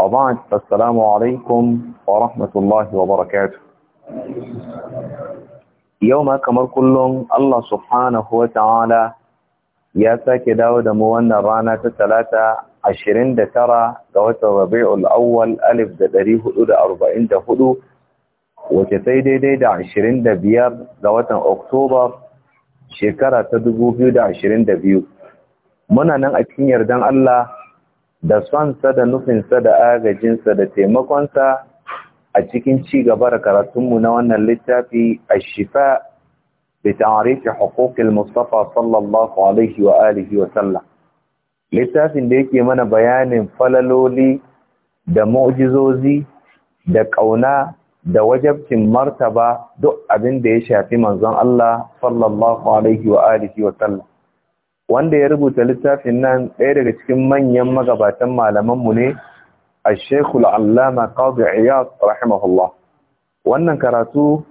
وبعد السلام عليكم ورحمة الله وبركاته يوم كمر كلهم الله سبحانه وتعالى ya sake dawo da mu wannan rana ta talata ashirin da tara ga watan rabi'ul awwal alif da ɗari hudu da arba'in da hudu wace sai daidai da ashirin da biyar ga watan oktoba shekara ta dubu biyu da ashirin da biyu muna nan a cikin yardan allah da sonsa da nufinsa da agajinsa da taimakonsa a cikin ci gaba da karatunmu na wannan littafi a shifa da ta'arifi hukukul Mustapha sallallahu Alaihi wa alihi wa sallam. Littafin da yake mana bayanin falaloli da mu'jizozi da ƙauna da wajabcin martaba duk abin da ya shafi manzon Allah sallallahu Alaihi wa alihi wa sallam. wanda ya rubuta littafin nan ɗaya daga cikin manyan magabatan malamanmu ne a shekul allama qadi iyad rahimahullah wannan karatu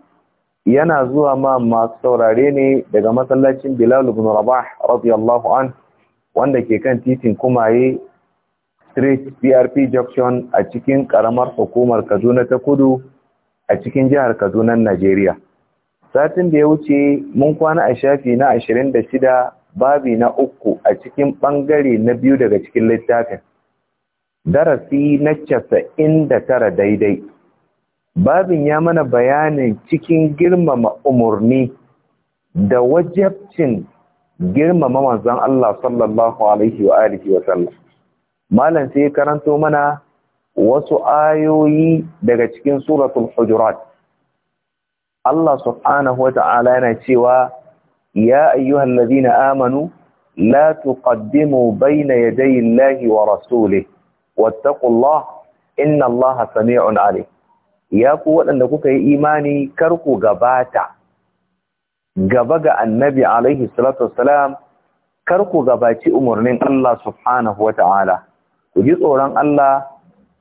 yana zuwa ma masu saurare ne daga masallacin bilal ibn rabah radiyallahu an wanda ke kan titin kumaye street brp junction a cikin karamar hukumar kaduna ta kudu a cikin jihar kaduna najeriya satin da ya wuce mun kwana a shafi na shida. babi na uku a cikin ɓangare na biyu daga cikin littafin darasi na casa'in da tara daidai babin ya mana bayanin cikin girmama umarni da wajabcin girmama manzon Allah sallallahu alaihi wa alihi wa sallam malam sai karanto mana wasu ayoyi daga cikin suratul hujurat Allah subhanahu wa ta'ala yana cewa يا أيها الذين آمنوا لا تقدموا بين يدي الله ورسوله واتقوا الله إن الله سميع عليم ya ku waɗanda kuka yi imani kar ku gabata gaba ga annabi alaihi salatu wassalam kar ku gabaci umarnin Allah subhanahu wata'ala ku ji tsoron Allah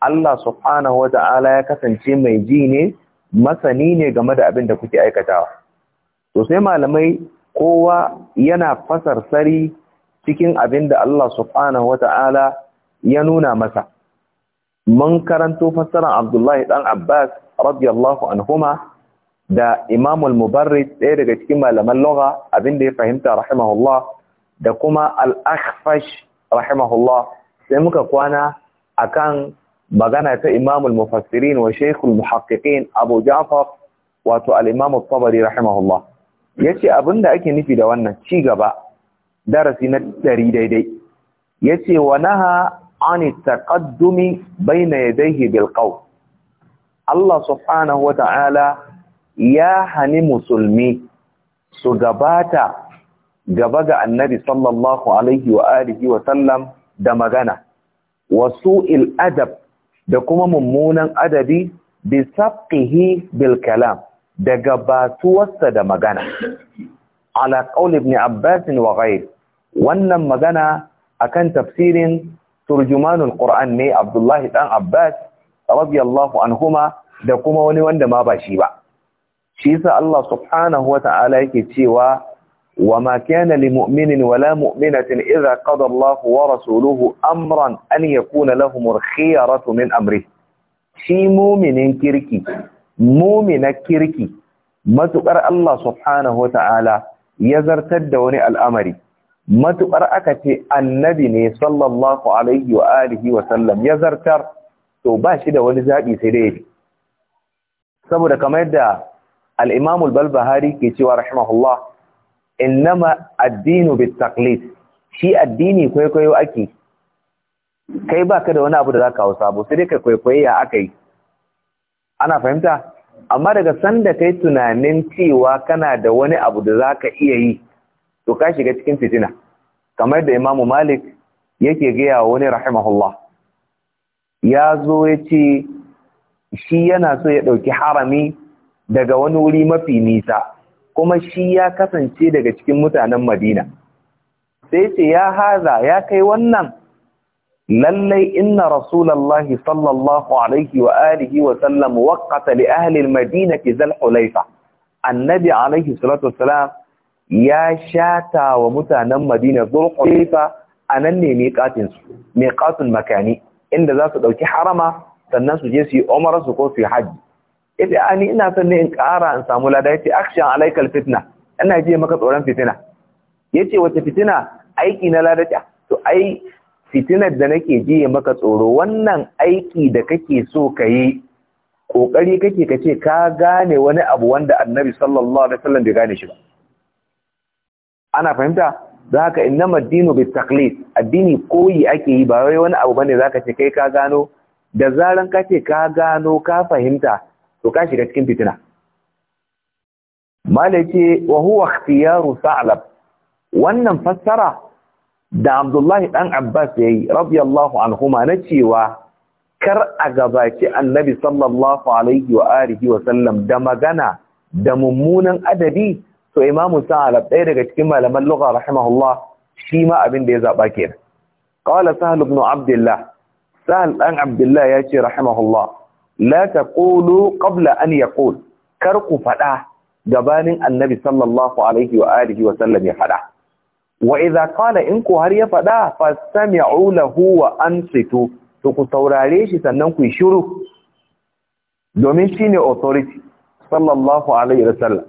Allah subhanahu wata'ala ya kasance mai ji ne masani ne game da abin da kuke aikatawa to sai malamai kowa yana fasar sari cikin abin da Allah subhanahu wata'ala ya nuna masa mun karanto fassarar Abdullahi ɗan Abbas radiyallahu anhuma da Imam al-Mubarrid ɗaya daga cikin malaman loga abin da ya fahimta rahimahullah da kuma al-Akhfash rahimahullah sai muka kwana akan magana ta Imam mufassirin wa Sheikh muhaqqiqin Abu Ja'far wato alimamul imam tabari rahimahullah ya ce abin da ake nufi da wannan ci gaba darasi na ɗari daidai ya ce wa naha ani taƙaddumi bai na yadaihi bilƙau Allah subhanahu wa ta'ala ya hani musulmi su gabata gaba ga annabi sallallahu alaihi wa alihi wa sallam da magana wasu il'adab, adab da kuma mummunan adabi bi sabqihi bil kalam daga batuwarsa da magana ala qaul ibn abbas wa wannan magana akan tafsirin turjumanul qur'an ne abdullahi dan abbas radiyallahu anhuma da kuma wani wanda ma ba shi ba shi yasa Allah subhanahu wa yake cewa wama ma kana lil mu'minin wala mu'minatin idza qada Allah wa rasuluhu amran an yakuna lahumul khiyaratu min amri shi mu'minin kirki mumina kirki matuƙar Allah subhanahu ta'ala ya zartar da wani al'amari Matuƙar aka ce annabi ne sallallahu alaihi wa alihi wa sallam ya zartar to ba shi da wani zabi sai dai saboda kamar yadda al-Imam al-Balbahari ke cewa rahimahullah innama ad-dinu bit-taqlid shi addini kwaikwayo ake kai baka da wani abu da zaka hausa ba sai dai kai kwaikwayo ya akai ana fahimta amma daga sanda kai tunanin cewa kana da wani abu da za ka iya yi to ka shiga cikin fitina kamar da imamu malik yake gaya wa wani rahimahullah ya zo ya ce shi yana so ya ɗauki harami daga wani wuri mafi nisa kuma shi ya kasance daga cikin mutanen madina sai ce ya haza ya kai wannan lallai inna Rasulallah sallallahu alaihi wa alihi wa sallam waqata li ahli al-madina fi hulaifa annabi alaihi salatu wassalam ya shata wa mutanen madina zul hulaifa anan ne miqatin su miqatul makani inda za su dauki harama sannan su je su yi umara su ko su yi haji ita ani ina son ne in ƙara in samu lada yace akshan alaikal fitna ina je maka tsoron fitina yace wace fitina aiki na ladata to ai fitinar da nake jiye maka tsoro wannan aiki da kake so ka yi ƙoƙari kake ka ce ka gane wani abu wanda annabi sallallahu alaihi wasallam bai gane shi ba ana fahimta za ka inna madinu bi taqlid addini koyi ake yi ba wai wani abu bane zaka ce kai ka gano da zaran ka ce ka gano ka fahimta to ka shiga cikin fitina malaki wa huwa ikhtiyaru sa'lab wannan fassara da Abdullahi ɗan Abbas ya yi, radiyallahu anhuma na cewa, kar a gabaci annabi sallallahu alaihi wa alihi wa sallam da magana da mummunan adabi, to imamu sa'alab ɗaya daga cikin malaman lugha rahimahullah shi ma abin da ya zaɓa kenan. Qala Sahal ibn Abdullah, Sahal ɗan Abdullah ya ce rahimahullah, la taqulu ƙabla an ya yaqul, kar ku faɗa gabanin annabi sallallahu alaihi wa alihi wa sallam ya faɗa. wa idza qala in ko har ya faɗa fastami'u lahu wa ansitu to ku saurare shi sannan ku shiru domin shine authority sallallahu alaihi wasallam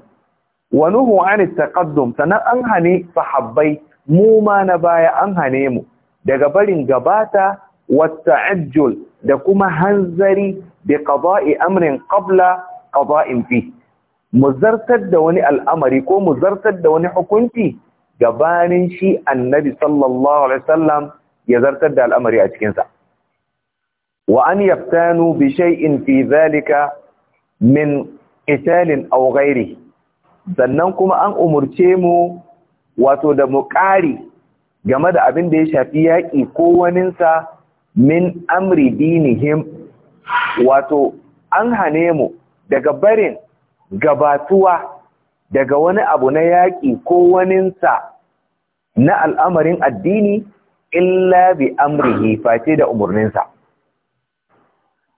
wa nuhu an taqaddum sanan an hane sahabbai mu ma na baya an hane mu daga barin gabata wata'ajjul da kuma hanzari bi qada'i amrin qabla qada'in fi muzartar da wani al'amari ko muzartar da wani hukunci gabanin shi annabi sallallahu alaihi wasallam ya zartar da al'amari a cikinsa wa an yaftanu bi shay'in fi zalika min qitalin aw ghairi sannan kuma an umurce mu wato da mu game da abin da ya shafi yaƙi ko sa min amri dinihim wato an hane mu daga barin gabatuwa daga wani abu na yaƙi ko waninsa na al'amarin addini illa bi amrihi face da umarninsa.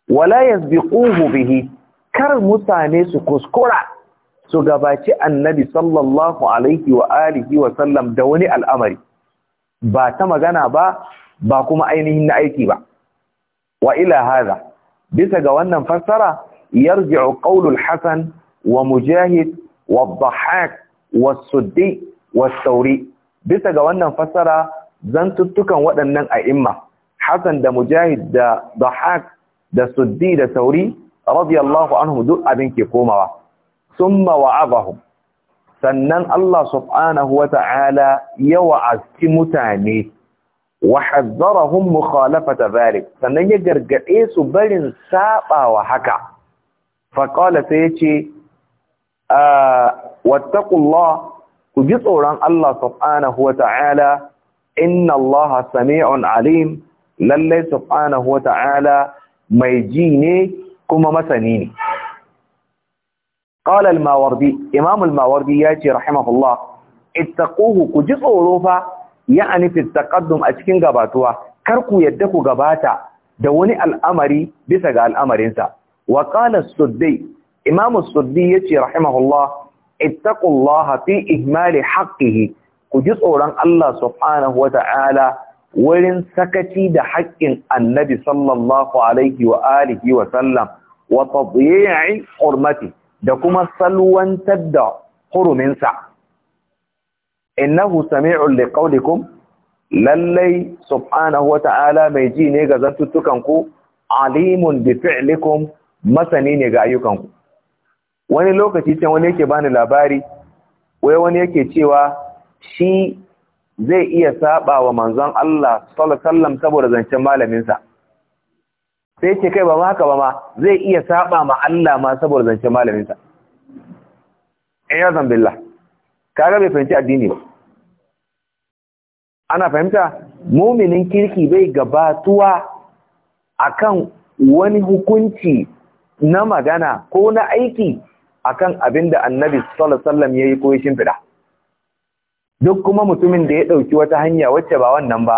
Wala yasbiquhu bihi kar mutane su kuskura su gabaci annabi sallallahu alaihi wa alihi wa sallam da wani al'amari ba ta magana ba ba kuma ainihin na aiki ba. Wa ila haza, bisa ga wannan fassara yarji'u qaulul Hassan wa Mujahid والضحاك والسدي والثوري bisa ga wannan zan zantuttukan waɗannan a'imma Hassan da Mujahid da Dhahak da Suddi da Sauri radiyallahu anhu duk abin ke komawa summa wa'azahum sannan Allah subhanahu wa ta'ala ya wa'azci mutane wa hazzarahum mukhalafata zalik sannan ya gargade su barin sabawa haka fa qala sai yace Ah, wattaqullah ku ji tsoron Allah subhanahu wa ta'ala inna Allah sami'un alim lallai subhanahu wa ta'ala mai ji ne kuma masani ne qala al-mawardi imam al-mawardi ce rahimahullah ittaquhu ku ji tsoro fa ya fi taqaddum a cikin gabatuwa kar ku yadda ku gabata da wani al'amari bisa ga al'amarinsa wa qala as Imam Suddi ce rahimahullah ittaqullaha fi ihmali haqqihi ku ji tsoron Allah subhanahu wata'ala wurin sakaci da haƙƙin Annabi sallallahu alaihi wa alihi wa sallam wa tadyi'i hurmati da kuma salwantar da huruminsa innahu sami'un liqaulikum lallai subhanahu wata'ala mai ji ne ga zantuttukanku alimun bi fi'likum masani ne ga ayyukanku wani lokaci can wani yake bani labari wai wani yake cewa shi zai iya saba wa manzon Allah sallallahu alaihi saboda zancen malaminsa sai ce kai ba ma haka ba ma zai iya saba ma Allah ma saboda zancen malaminsa eh, ya billah kaga bai fahimci addini ba ana fahimta muminin kirki bai gabatuwa akan wani hukunci na magana ko na aiki akan abinda annabi sallallahu alaihi wasallam yayi ko ya shimfida duk kuma mutumin da ya dauki wata hanya wacce ba wannan ba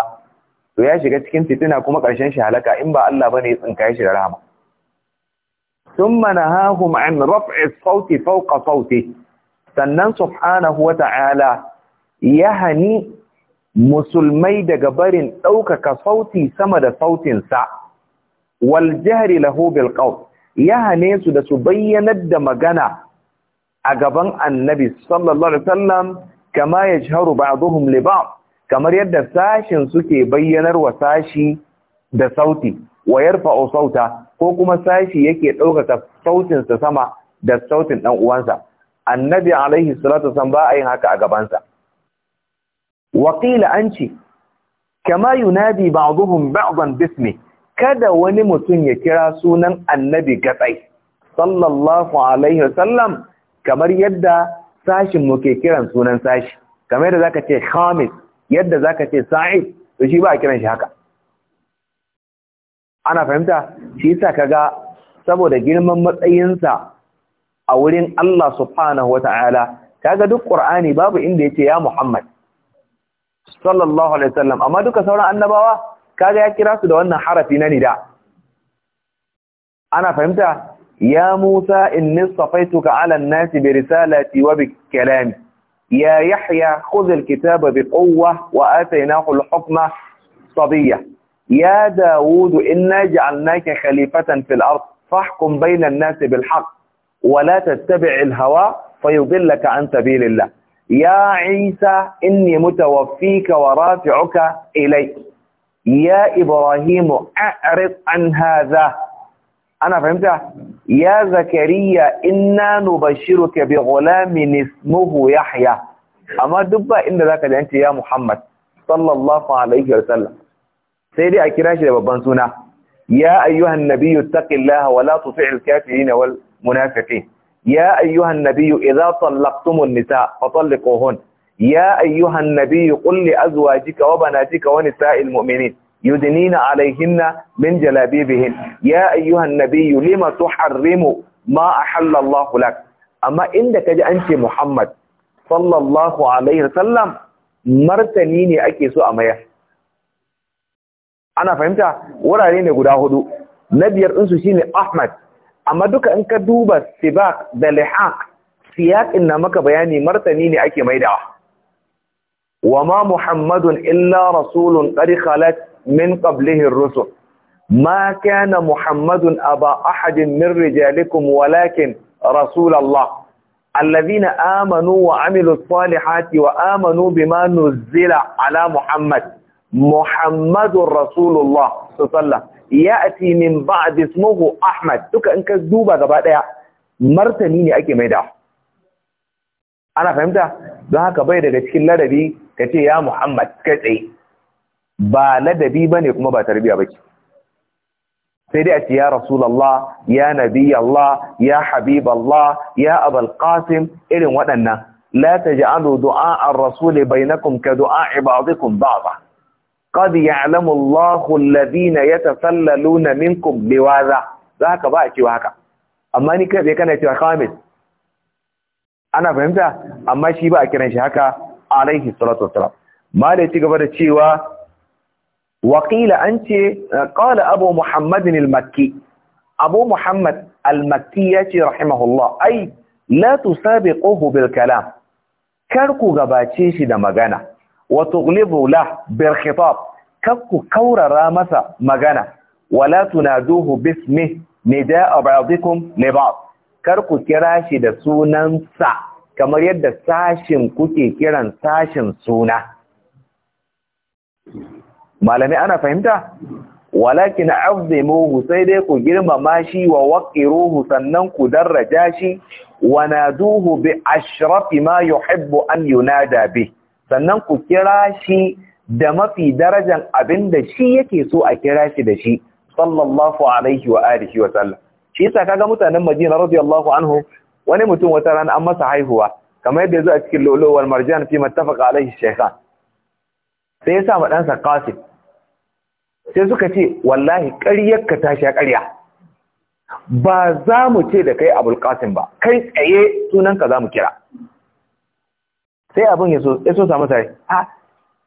to ya shiga cikin fitina kuma karshen shi halaka in ba Allah bane ya tsinkaye shi da rahama thumma nahahum an raf'i sawti fawqa sawti sannan subhanahu wa ta'ala ya hani musulmai daga barin ɗaukaka sauti sama da sa wal jahri lahu bil qawl ya hane su da su bayyanar da magana a gaban annabi sallallahu alaihi wasallam kama yajharu ba'dhum li ba'd kamar yadda sashin suke bayyanar wa sashi da sauti wa yarfa'u sauta ko kuma sashi yake ɗaukaka sautin sa sama da sautin dan uwansa annabi alaihi salatu wasallam ba a yin haka a gaban sa wa qila anci kama yunadi ba'dhum ba'dan bismihi kada wani mutum ya kira sunan annabi gatsai sallallahu alaihi wasallam kamar yadda sashin mu ke kiran sunan sashi kamar yadda zaka ce khamis yadda zaka ce sa'id to shi ba a kiran shi haka ana fahimta shi yasa kaga saboda girman matsayinsa a wurin Allah subhanahu wata'ala kaga duk Qur'ani babu inda yace ya Muhammad sallallahu alaihi wasallam amma duka sauran annabawa kaga ya kira su da wannan harafi na nida ana fahimta ya Musa inni safaituka ala an-nasi bi risalati wa bi kalami ya Yahya khudh al-kitaba bi quwwa wa ataynahu al-hukma inna ja'alnaka khalifatan fil ard fahkum bayna an-nasi bil haqq wa la تتبع الهوى فيضلك عن سبيل الله يا عيسى إني متوفيك ورافعك إليك يا إبراهيم أعرض عن هذا أنا فهمت يا زكريا إنا نبشرك بغلام اسمه يحيى أما دب إن ذاك أنت يا محمد صلى الله عليه وسلم سيدي أكراشي يا بنسونا يا أيها النبي اتق الله ولا تطع الكافرين والمنافقين يا أيها النبي إذا طلقتم النساء فطلقوهن ya ayyuhan nabiyyu qul li azwajika wa banatika wa nisa'il mu'minin yudnina alayhinna min jalabibihin ya ayyuhan nabiyyu lima tuharrimu ma ahalla Allahu lak amma inda kaji an ce Muhammad sallallahu alaihi wasallam martani ne ake so a mayar ana fahimta wurare ne guda hudu na biyar ɗinsu shine Ahmad amma duka in ka duba Sibaq da lihaq siyaƙin na maka bayani martani ne ake maidawa wa ma muhammadun illa rasulun qad khalat min qablihi ar-rusul ma kana muhammadun aba ahadin min rijalikum walakin rasul Allah amanu wa amilus salihati wa amanu bima nuzila ala muhammad muhammadur rasulullah sallallahu ya'ti min ba'd ismuhu ahmad duka in ka duba gaba ɗaya. martani ne ake maida ana fahimta don haka bai daga cikin ladabi ka ce ya muhammad kai ba ladabi ba ne kuma ba tarbiya ba ce sai dai a ce ya rasulallah ya nabiyallah, ya habiballah, ya abalkasim irin waɗannan la taj'alu du'a rasuli bai bainakum ka du'a ba'dikum ba'dha qad ya'lamu allahu alladhina yatasallaluna minkum liwaza za haka ba a cewa haka amma ni kai kana cewa khamis ana fahimta amma shi ba a kiran shi haka alaihi salatu wassalam mala ci gaba da cewa waqila an ce qala abu muhammadin al-makki abu muhammad al-makki rahimahullah ai la tusabiquhu bil kalam kar ku gabace shi da magana wa tughlibu la bil khitab kar ku kaurara masa magana wala tunaduhu bismi nida'a ba'dikum li ba'd kar ku kira shi da sunansa kamar yadda sashin kuke kiran sashin suna malami ana fahimta walakin azimuhu sai dai ku girmama shi wa waqiruhu sannan ku daraja shi wa naduhu bi ashrafi ma yuhibbu an yunada bi sannan ku kira shi da mafi darajan abinda shi yake so a kira shi da shi sallallahu alaihi wa alihi wa sallam shi yasa kaga mutanen Madina radiyallahu anhu wani mutum wata rana an masa haihuwa kamar yadda zuwa cikin lolowar marjan fi mattafaqa alaihi shaykhan sai ya sa ma sa sai suka ce wallahi ka ta sha ƙarya ba za mu ce da kai abul qasim ba kai tsaye sunanka za mu kira sai abin ya so ya so samu sai ha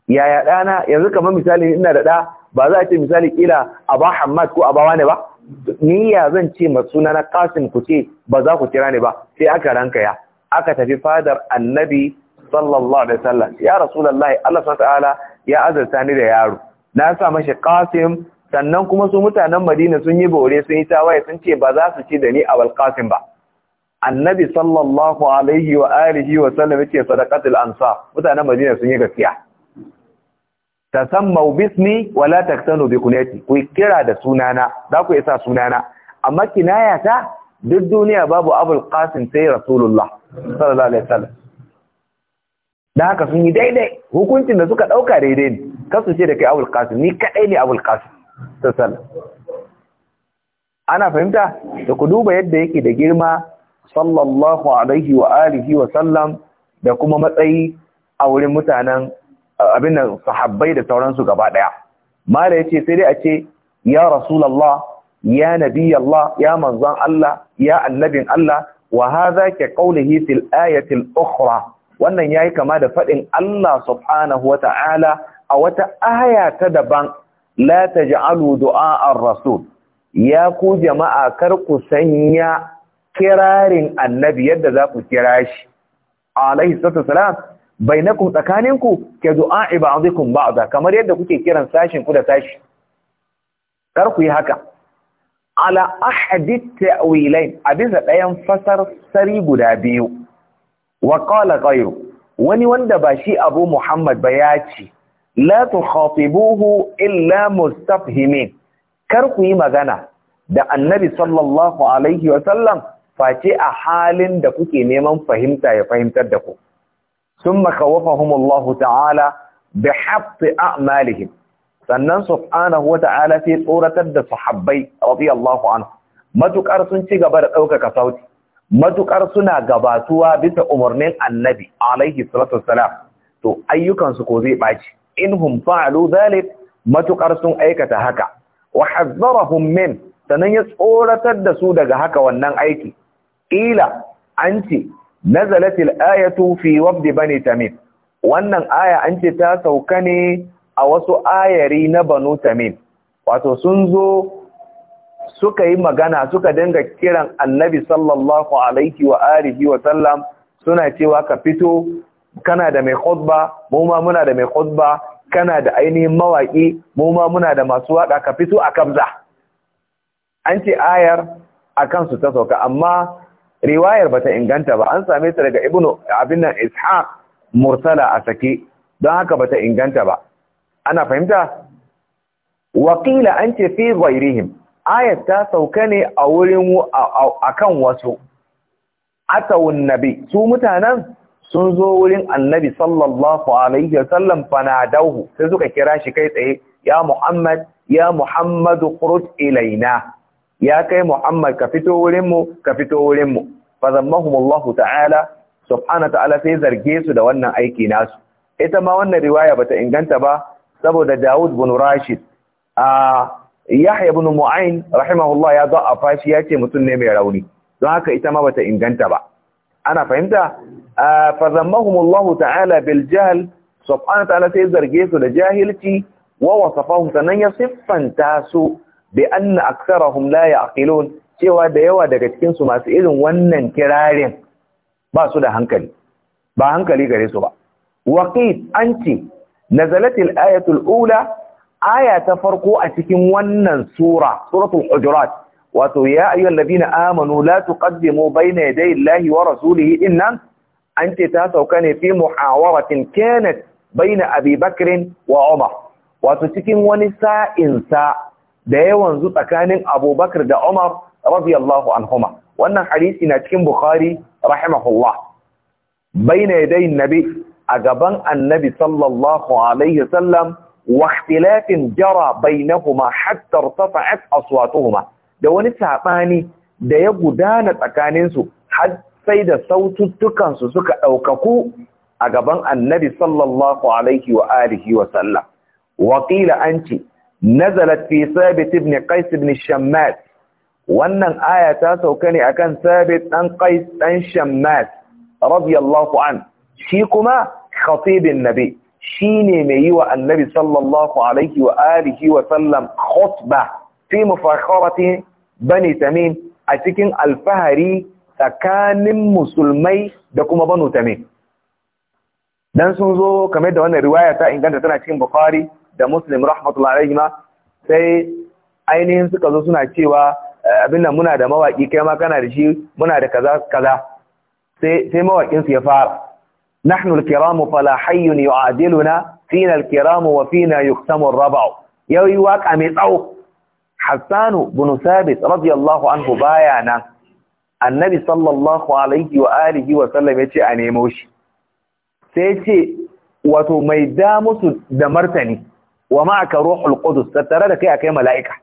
yaya dana yanzu kamar misali ina da ɗa? ba za a ce misali kila aba Hamad ko aba wane ba niyya zan ce ma suna na kasim ku ce ba za ku kira ni ba sai aka ranka ya aka tafi fadar annabi sallallahu alaihi wasallam ya rasulullahi Allah ta'ala ya azurta ni da yaro na sa mashi kasim sannan kuma su mutanen Madina sun yi bore sun yi tawaye sun ce ba za su ci da ni wal kasim ba annabi sallallahu alaihi wa alihi wa sallam yace sadaqatul ansar mutanen Madina sun yi gaskiya tasammau bismi wala taktanu bi kunyati ku kira da sunana za ku isa sunana amma kinaya ta duk duniya babu abul qasim sai rasulullah sallallahu alaihi wasallam da haka sun yi daidai hukuncin da suka dauka daidai ne kasu ce da kai abul qasim ni kadai ne abul qasim sallallahu ana fahimta da ku duba yadda yake da girma sallallahu alaihi wa alihi wa sallam da kuma matsayi a wurin mutanen abin nan sahabbai da sauransu gaba daya mala yace sai dai a ce ya rasulullah ya nabi Allah ya manzon Allah ya annabin Allah wa hadha ka qawlihi fil ayati al-ukhra wannan yayi kama da fadin Allah subhanahu wa ta'ala a wata aya ta daban la taj'alu du'a ar-rasul ya ku jama'a kar ku sanya kirarin annabi yadda za ku kira shi alaihi salatu bainakum tsakaninku ke du'a'i ba'dikum ba'da kamar yadda kuke kiran sashin ku da sashi kar ku yi haka ala ahadi ta'wilain a bisa ɗayan fasar sari guda biyu wa qala wani wanda ba shi abu muhammad ba ya ce la tukhatibuhu illa mustafhimin kar ku yi magana da annabi sallallahu alaihi wa sallam face a halin da kuke neman fahimta ya fahimtar da ku ثم خوفهم الله تعالى بحط أعمالهم sannan subhanahu ta'ala sai tsoratar da sahabbai radiyallahu anhu matukar sun ci gaba da daukaka sauti matukar suna gabatuwa bisa umarnin annabi alaihi salatu wassalam to ayyukan su ko zai baci hum fa'alu zalik matukar sun aikata haka wa hazzarahum min sannan ya tsoratar da su daga haka wannan aiki ila an ce nazalatil ayatu fi wafd bani tamim wannan aya an ce ta sauka ne a wasu ayari na banu tamim wato sun zo suka yi magana suka dinga kiran annabi sallallahu alaihi wa alihi wa sallam suna cewa ka fito kana da mai khutba mu ma muna da mai khutba kana da ainihin mawaki mu ma muna da masu waka ka fito a kabza an ce ayar akan su ta sauka amma riwayar bata inganta ba an same ta daga ibnu abin nan ishaq mursala a sake don haka bata inganta ba ana fahimta wakila an ce fi ghairihim ayat ta sauka ne a wurin akan wasu atawun nabi su mutanen sun zo wurin annabi sallallahu alaihi wasallam fanadahu sai suka kira shi kai tsaye ya muhammad ya muhammadu khuruj ilaina ya kai Muhammad ka fito wurinmu ka fito wurin mu fazammahumullahu ta'ala subhana ta'ala sai zarge su da wannan aiki nasu ita ma wannan riwaya bata inganta ba saboda Dawud bin Rashid a Yahya bin Mu'ayn rahimahullah ya a shi yace mutum ne mai rauni don haka ita ma bata inganta ba ana fahimta fazammahumullahu ta'ala bil jahl ta'ala sai zarge su da jahilci wa wasafahum sanan ya siffanta su bi anna aktharahum la ya'qilun cewa da yawa daga cikin su masu irin wannan kirarin ba su da hankali ba hankali gare su ba waqit anti nazalatil ayatul ula aya ta farko a cikin wannan sura suratul hujurat wato ya ayyuhal ladina amanu la tuqaddimu bayna yaday llahi wa rasulihi innan anti ta sauka ne fi muhawaratin kanat bayna abi bakr wa umar wato cikin wani sa'insa da yawan zu tsakanin abubakar da umar radiyallahu anhuma wannan hadisi na cikin bukhari rahimahullah baina yaday nabi a gaban annabi sallallahu alaihi wasallam wa ikhtilafin jara bainahuma hatta irtafa'at aswatuhuma da wani sabani da ya gudana tsakanin su har sai da saututtukansu su suka daukaku a gaban annabi sallallahu alaihi wa alihi wa sallam waqila anti nazalat fi sabit ibn qais ibn shammat wannan aya ta sauka ne akan sabit dan qais dan shammat radiyallahu an shi kuma khatibin nabi shine mai yi wa annabi sallallahu alaihi wa alihi wa sallam khutba fi mufakharati bani tamim a cikin alfahari tsakanin musulmai da kuma banu tamim dan sun zo kamar da wannan riwaya ta inganta tana cikin bukhari da muslim rahmatullahi ma sai ainihin suka zo suna cewa eh, abin nan muna da mawaki kai ma kana da shi muna da kaza kaza sai sai su ya fara nahnu al-kiram fala hayyun yu'adiluna fina al-kiram wa fina yuktamu ar-rab' yayi waka mai tsawo Hassanu bin Sabit radiyallahu anhu bayana, annabi sallallahu alaihi wa alihi wa sallam yace a nemo shi sai yace wato mai da musu da martani wa ma'aka ruhul qudus tattare da kai akai mala'ika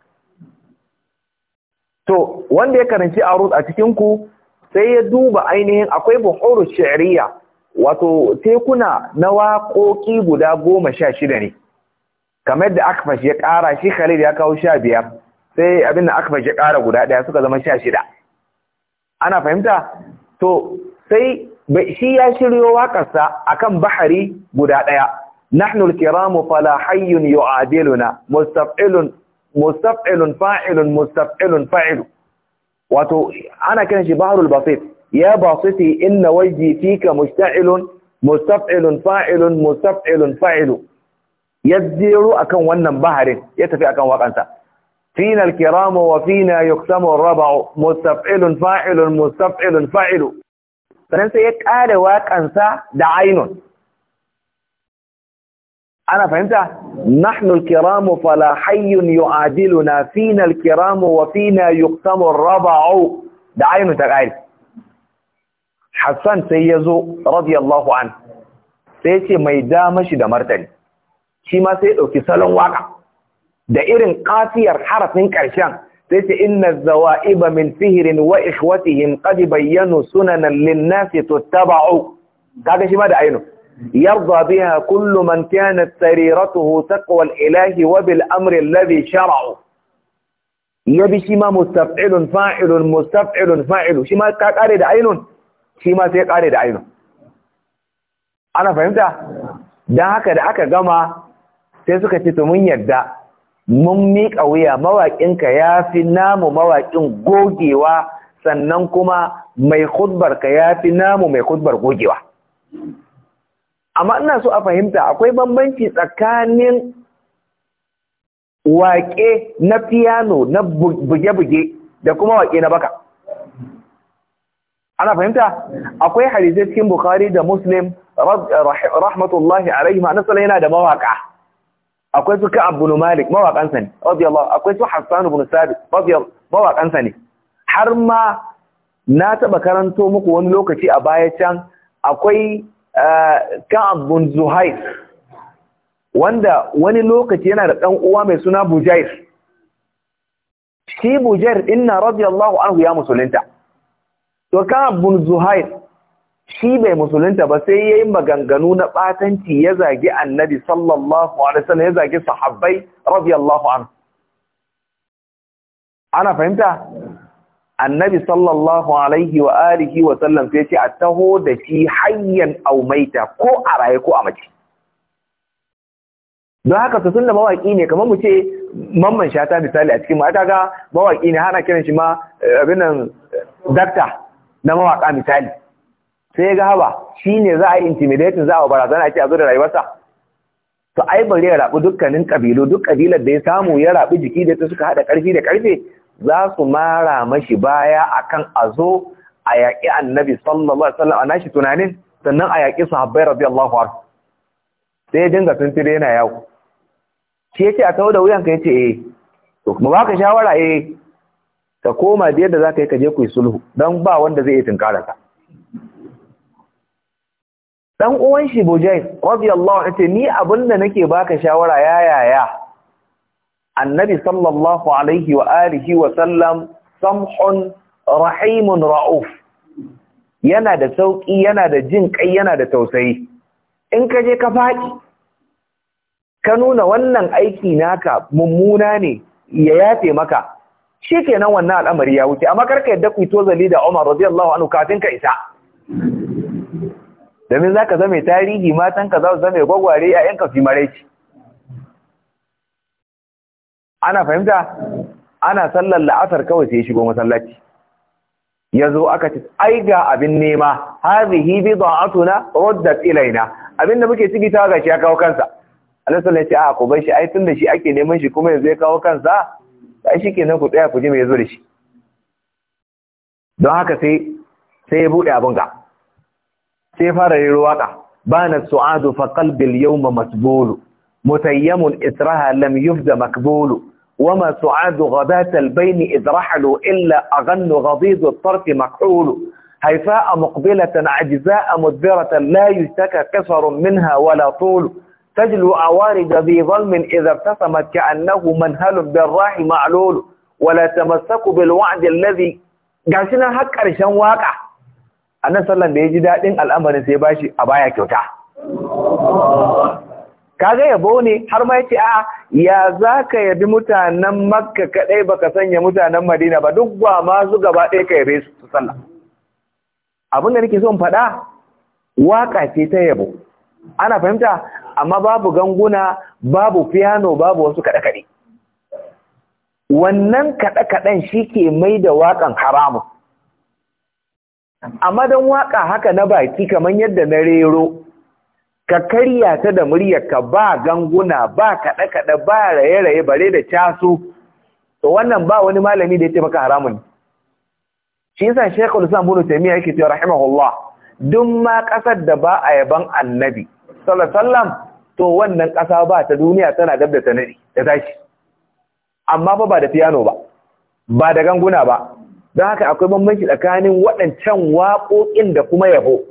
to wanda ya karanci arud a cikin ku sai ya duba ainihin akwai buhuru shi'riya wato tekuna na waƙoƙi guda goma ne kamar da akfash ya ƙara shi khalid ya kawo sha sai abin da akfash ya ƙara guda ɗaya suka zama sha shida ana fahimta to sai shi ya shiryo waƙarsa akan bahari guda ɗaya نحن الكرام فلا حي يعادلنا مستفعل مستفعل فاعل مستفعل فاعل وتو انا كان بحر البسيط يا باسطي ان وجدي فيك مشتعل مستفعل فاعل مستفعل فاعل يزير اكن wannan baharin ya tafi akan wakansa فينا الكرام وفينا يقسم الربع مستفعل فاعل مستفعل فاعل فرنسا يقال واقنسا دعينون أنا فهمت نحن الكرام فلا حي يعادلنا فينا الكرام وفينا يقتم الربع دعين تقال حسن سيزو رضي الله عنه سيتي ميدا مشي دمرتني شما سيدو كسل واقع دائر قاسي الحرف من كرشان سيتي إن الزوائب من سهر وإخوتهم قد بيّنوا سننا للناس تتبعوا هذا شي شما دعينه يرضى بها كل من كانت سريرته تقوى الإله وبالأمر الذي شرعه يبي شما مستفعل فاعل مستفعل فاعل شما تقاري دعين شما تقاري دعين أنا فهمت da haka da aka gama sai suka ci to mun yadda mun miƙa wuya mawaƙinka ya fi namu mawaƙin gogewa sannan kuma mai hudbarka ya fi namu mai hudbar gogewa amma ina so a fahimta akwai bambanci tsakanin wake na piano na buge-buge da kuma wake na baka ana fahimta akwai harizai cikin bukhari da muslim rahmatullahi alaihi ma'ana yana da mawaka akwai su ka abu malik mawakansa ne akwai su hassan ibn sabit radiyallahu mawaƙansa ne har ma na taɓa karanto muku wani lokaci a baya can akwai Ka'ab bin Zuhair wanda wani lokaci yana da ɗan uwa mai suna Bujair shi Bujair inna radiyallahu anhu ya musulunta to Ka'ab bin Zuhair shi bai musulunta ba sai yayin maganganu na batanci ya zagi Annabi sallallahu alaihi wasallam ya zagi sahabbai radiyallahu anhu ana fahimta annabi sallallahu alaihi wa alihi wa sallam sai ce a taho da shi hayyan aw maita ko a raye ko a mace don haka su sunna da mawaki ne kamar mu ce mamman shata misali a cikin mu ga mawaki ne hana kiran shi ma eh, nan dakta na mawaka misali sai ya ga haba shine za a yi intimidating za a barazana a ce a zo da rayuwarsa to ai bari ya rabu dukkanin kabilu duk kabilar da ya samu ya rabu jiki da ta suka haɗa karfi da karfe za su mara mashi baya akan a zo a yaƙi annabi sallallahu alaihi wasallam a nashi tunanin sannan a yaƙi sahabbai radiyallahu anhu sai dinga tire yana yawo shi yace a tawo da wuyan ka yace eh to kuma baka shawara eh ka koma da yadda zaka yi ka je ku yi sulhu dan ba wanda zai yi tunkara ka dan uwan shi Bujayl radiyallahu anhu ni da nake baka shawara ya yaya annabi sallallahu alaihi wa alihi wa sallam samhun rahimun ra'uf yana da sauki yana da jin kai yana da tausayi in ka je ka faɗi ka nuna wannan aiki naka mummuna ne ya yafe maka Shi kenan wannan al'amari ya wuce amma karka yadda ku tozali da Umar radiyallahu anhu kafin ka isa domin zaka zame tarihi matan ka za su zame gwagware yayan ka fi mareci ana fahimta ana sallar la'asar kawai sai shigo masallaci ya zo aka ce ai ga abin nema hazihi da'atuna raddat ilaina abin da muke ciki ta gashi ya kawo kansa Allah sallallahu ya ce a ku bar shi ai tunda shi ake neman shi kuma yanzu ya kawo kansa ai shikenan ku tsaya ku ji me yazo da shi don haka sai sai ya bude abin ga. sai fara yin ruwaka bana su'adu fa qalbi al-yawma matbulu mutayyamun israha lam yufda makbulu وما تعاد غداة البين إذ رحلوا إلا أغن غضيض الطرف مكحول هيفاء مقبلة عجزاء مدبرة لا يشتكى كسر منها ولا طول تجلو عوارج ذي ظلم إذا ابتسمت كأنه منهل بالراح معلول ولا تمسكوا بالوعد الذي gashinan هكا ƙarshen واقع أنا سلم بيجي ya الأمر سيباشي أبايا كوتا kaga yabo ne har ma yace a'a ya zaka yabi mutanen makka kadai baka sanya mutanen madina ba duk ba ma su gaba ɗaya ka yabe su sallah abin da nake in faɗa waka ce ta yabo ana fahimta amma babu ganguna babu piano babu wasu kaɗe kaɗe wannan kaɗe kaɗen shi ke mai da wakan haramun amma don waƙa haka na baki kamar yadda na rero ka karya ta da ka, ba ganguna ba kaɗe-kaɗe ba raye-raye bare da casu to wannan ba wani malami da ya ce maka haramun shi yasa da islam bunu taimiyya yake cewa rahimahullah duk ma ƙasar da ba a yaban annabi sallallahu to wannan ƙasa ba ta duniya tana gab da da tashi amma ba ba da fiyano ba ba da ganguna ba don haka akwai bambanci tsakanin waɗancan waƙoƙin da kuma yabo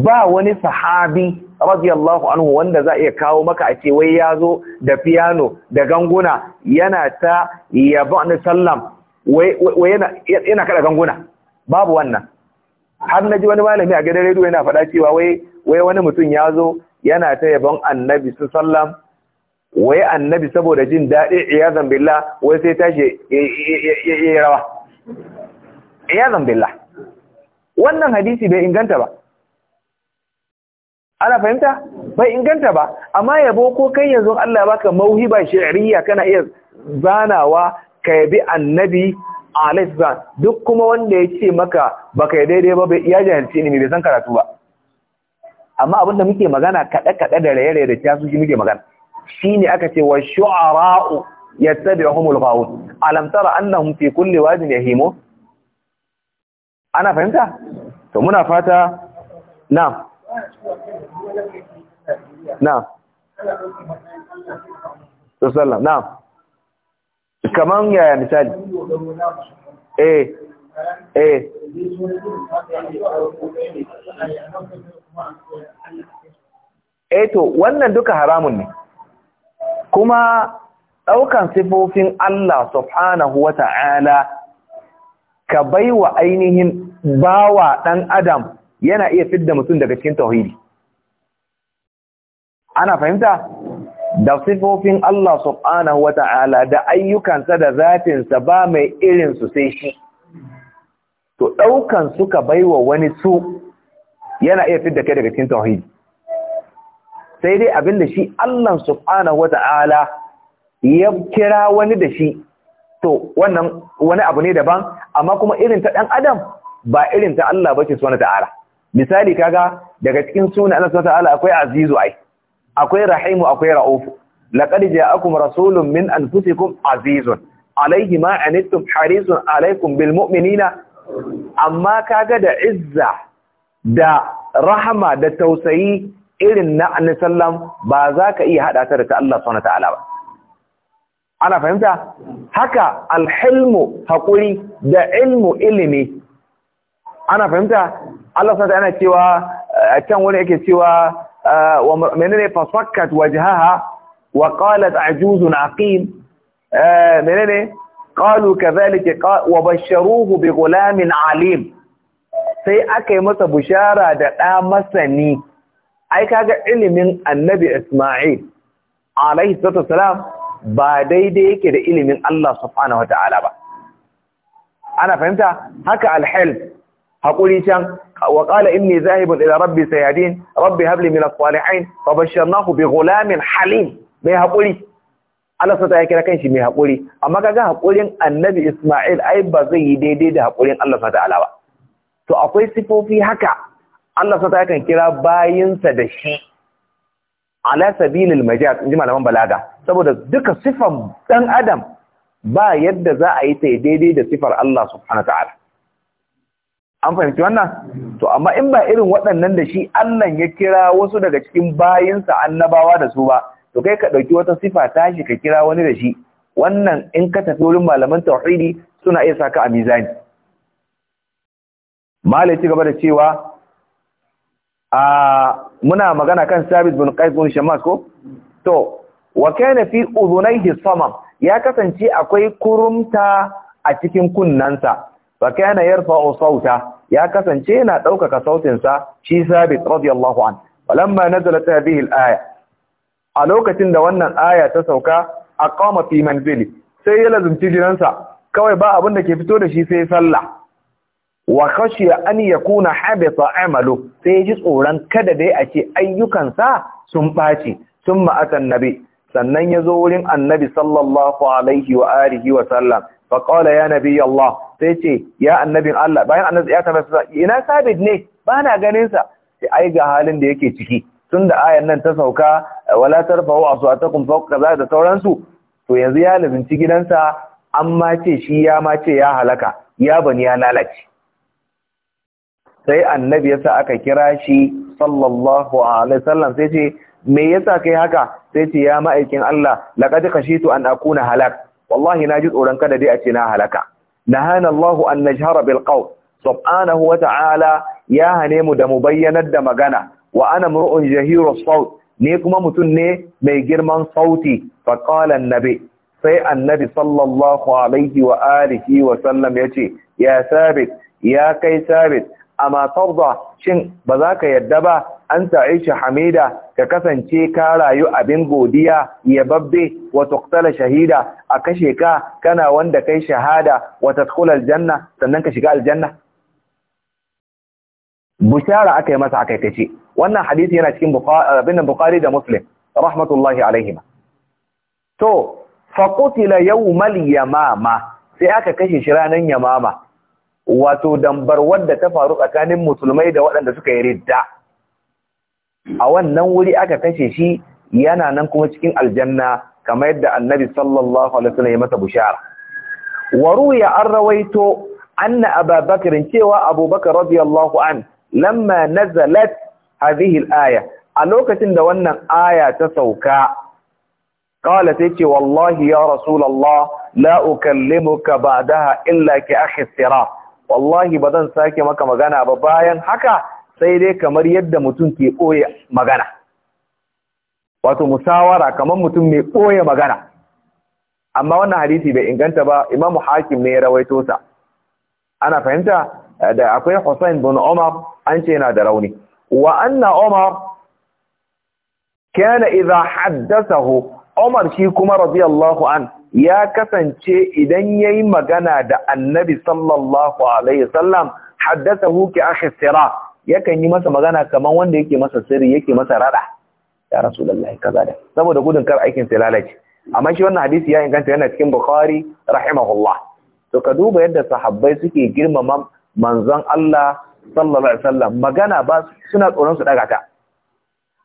ba wani sahabi radiyallahu anhu wanda za iya kawo maka a ce wai ya zo da piano da ganguna yana ta yabon sallam wai yana kada ganguna babu wannan har na ji wani malami a gidan radio yana faɗa cewa wai wai wani mutum ya zo yana ta yabon annabi sallam wai annabi saboda jin daɗi iyazan billah wai sai tashi ya rawa iyazan billah wannan hadisi bai inganta ba ana fahimta bai inganta ba amma yabo ko kai yanzu Allah baka mauhiba shari'a kana iya zanawa ka yabi annabi alaihi duk kuma wanda ya ce maka baka yi daidai ba ya jahanci ilimi bai san karatu ba amma abin da muke magana kaɗe kaɗe da raye-raye da tasu shi muke magana shine aka ce wa shu'ara'u yattabi'uhumul ghawun alam tara annahum fi kulli wadin himo? ana fahimta to muna fata na'am na yaya misali eh. Eh. eh to wannan duka haramun ne kuma ɗaukan sifofin Allah subhanahu wa ta'ala ka baiwa ainihin bawa ɗan adam yana iya fidda mutum daga cikin tauhidi ana fahimta da sifofin Allah subhanahu ta’ala da ayyukansa da zatinsa ba mai irin su sai shi to daukan suka baiwa wani su yana iya fidda kai daga cikin tauhidi sai dai abinda shi Allah subhanahu ta’ala ya kira wani da shi to wannan wani abu ne daban amma kuma irin ta dan adam ba irin ta Allah bace subhanahu ta'ara. misali kaga daga cikin sunan Allah subhanahu ta’ala akwai azizu ai akwai rahimu akwai ra'ufu laqad ja'akum rasulun min anfusikum azizun alayhi ma anittum harisun alaykum bil mu'minina amma kaga da izza da rahama da tausayi irin na annabi sallam ba za ka iya hada ta da Allah subhanahu ta'ala ba ana fahimta haka alhilmu hakuri da ilmu ilimi ana fahimta Allah subhanahu ta'ala cewa a can wani yake cewa menene fasakkat wajhaha wa qalat ajuzun aqim menene qalu kadhalika wa basharuhu bi ghulamin alim sai aka yi masa bushara da ɗa masani ai kaga ilimin annabi Ismail alaihi salatu wasalam ba daidai yake da ilimin Allah subhanahu wataala ba ana fahimta haka alhil haƙuri can wa qala inni zahibun ila rabbi sayadin rabbi habli min as-salihin fa basharnahu bi ghulamin halim mai haƙuri Allah sa ta ya kira shi mai haƙuri amma kaga haƙurin annabi Isma'il ai ba zai yi daidai da haƙurin Allah sa ta'ala ba to akwai sifofi haka Allah sa ta kan kira bayinsa da shi ala sabilil majaz inji malaman balaga saboda duka sifan dan adam ba yadda za a yi ta daidai da sifar Allah subhanahu wa ta'ala an fahimci wannan to amma in ba irin waɗannan da shi Allah ya kira wasu daga cikin bayinsa annabawa da su ba to kai ka ɗauki wata sifa shi ka kira wani da shi wannan in ka tafi wurin malaman tauhidi suna iya saka a mizani malai ci gaba da cewa a muna magana kan sabis bin qais bin shammas ko to wa kana fi ya kasance akwai kurumta a cikin kunnansa wa kana yarfa'u sauta ya kasance yana ɗaukaka sautinsa shi sabit radiyallahu an walamma nazalat ta al-aya a lokacin da wannan aya ta sauka aqama fi manzili sai ya lazumci gidansa kawai ba abin da ke fito da shi sai sallah wa khashiya an yakuna habita amalu sai ji tsoron kada dai a ce ayyukansa sun ɓaci sun ma'atan nabi sannan ya zo wurin annabi sallallahu alaihi wa alihi wa sallam فقال يا نبي الله سيتي ya النبي Allah. bayan annabi ya tabbata ina sabid ne bana ganin sa sai ai ga halin da yake ciki tunda ayan nan ta sauka eh, wala a aswatakum fawqa za da sauransu to yanzu ya lazimci gidansa amma ce shi ya ma ce ya halaka ya bani ya lalace sai annabi sa aka kira shi sallallahu alaihi sallam sai ce me yasa kai haka sai ce ya ma'aikin Allah laqad khashitu an akuna halak wallahi na ji tsoron kada dai a ce na halaka nahana Allahu an najhara bil subhanahu wa ta'ala ya hane mu da mu bayyanar da magana wa ana mur'un jahiru saut ne kuma mutum ne mai girman sauti fa nabi. sai annabi sallallahu alaihi wa alihi wa sallam yace ya sabit ya kai sabit amma tarda shin ba za ka yadda ba an ta'ishi hamida ka kasance ka rayu abin godiya ya babbe wa tuqtala shahida a kashe ka kana wanda kai shahada wa tadkhula aljanna sannan ka shiga aljanna bushara akai masa akai tace wannan hadisi yana cikin bukhari bukhari da muslim rahmatullahi alaihima to fa qutila yawmal yamama sai aka kashe shi ranan yamama wato dambar wadda ta faru tsakanin musulmai da waɗanda suka yi ridda a wannan wuri aka kashe shi yana nan kuma cikin aljanna kamar yadda annabi sallallahu alaihi wasallam ya masa bushara wa ruya an rawaito anna abubakar cewa abubakar radiyallahu an lamma nazalat hadhihi al-aya a lokacin da wannan aya ta sauka qala sai ce wallahi ya rasulullah la ukallimuka ba'daha illa ki akhi sirah wallahi bazan sake maka magana ba bayan haka sai dai kamar yadda mutum ke ɓoye magana wato musawara kamar mutum mai ɓoye magana amma wannan hadisi bai inganta ba imamu hakim ne ya rawaito sa ana fahimta da akwai Hussein bin Umar an ce yana da rauni wa anna Umar kana idza haddathahu Umar shi kuma radiyallahu an ya kasance idan yayi magana da Annabi sallallahu alaihi wasallam haddathahu ki akhi sirah yakan yi masa magana kamar wanda yake masa sirri yake masa rada ya rasulullahi saboda gudun kar aikin sa lalace amma shi wannan hadisi ya inganta yana cikin bukhari rahimahullah to ka duba yadda sahabbai suke girmama manzon Allah sallallahu alaihi wasallam magana ba suna tsoron su daga ta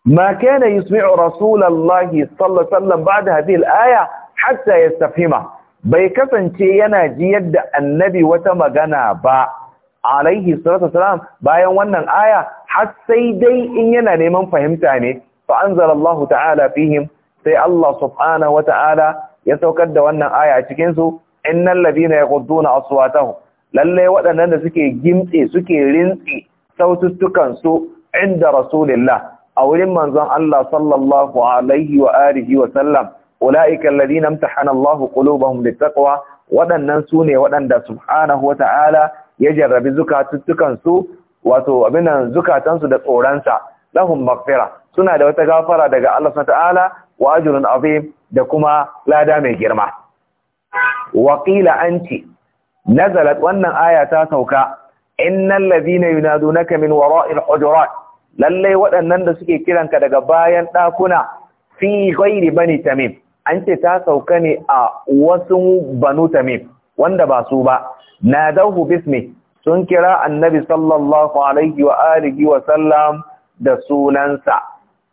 ma kana yusmi'u rasulullahi sallallahu alaihi wasallam ba'da hadhihi al-aya hatta yastafhima bai kasance yana ji yadda annabi wata magana ba alaihi salatu salam. bayan wannan aya har sai dai in yana neman fahimta ne fa anzalallahu ta'ala fihim sai Allah subhanahu wa ta'ala ya saukar da wannan aya a cikin su innal ladina guduna aswatahum lalle waɗannan da suke gimtse suke rintsi saututtukan su inda rasulillah a wurin manzon Allah sallallahu alaihi wa alihi wa sallam ulaika alladina imtahana Allahu qulubahum littaqwa waɗannan ne waɗanda subhanahu wa ta'ala ya jarrabi zukatuttukansu wato abinan zukatansu da tsoronsa lahum maghfira suna da wata gafara daga Allah subhanahu ta'ala wa ajrun azim da kuma lada mai girma wa qila anti nazalat wannan aya ta sauka innal ladina yunadunaka min wara'il hujurat lalle waɗannan da suke kiranka daga bayan ɗakuna fi ghairi bani tamim an ta sauka ne a wasu banu tamim wanda ba su ba nadahu bismi sun kira annabi sallallahu alaihi wa alihi wa sallam da sunansa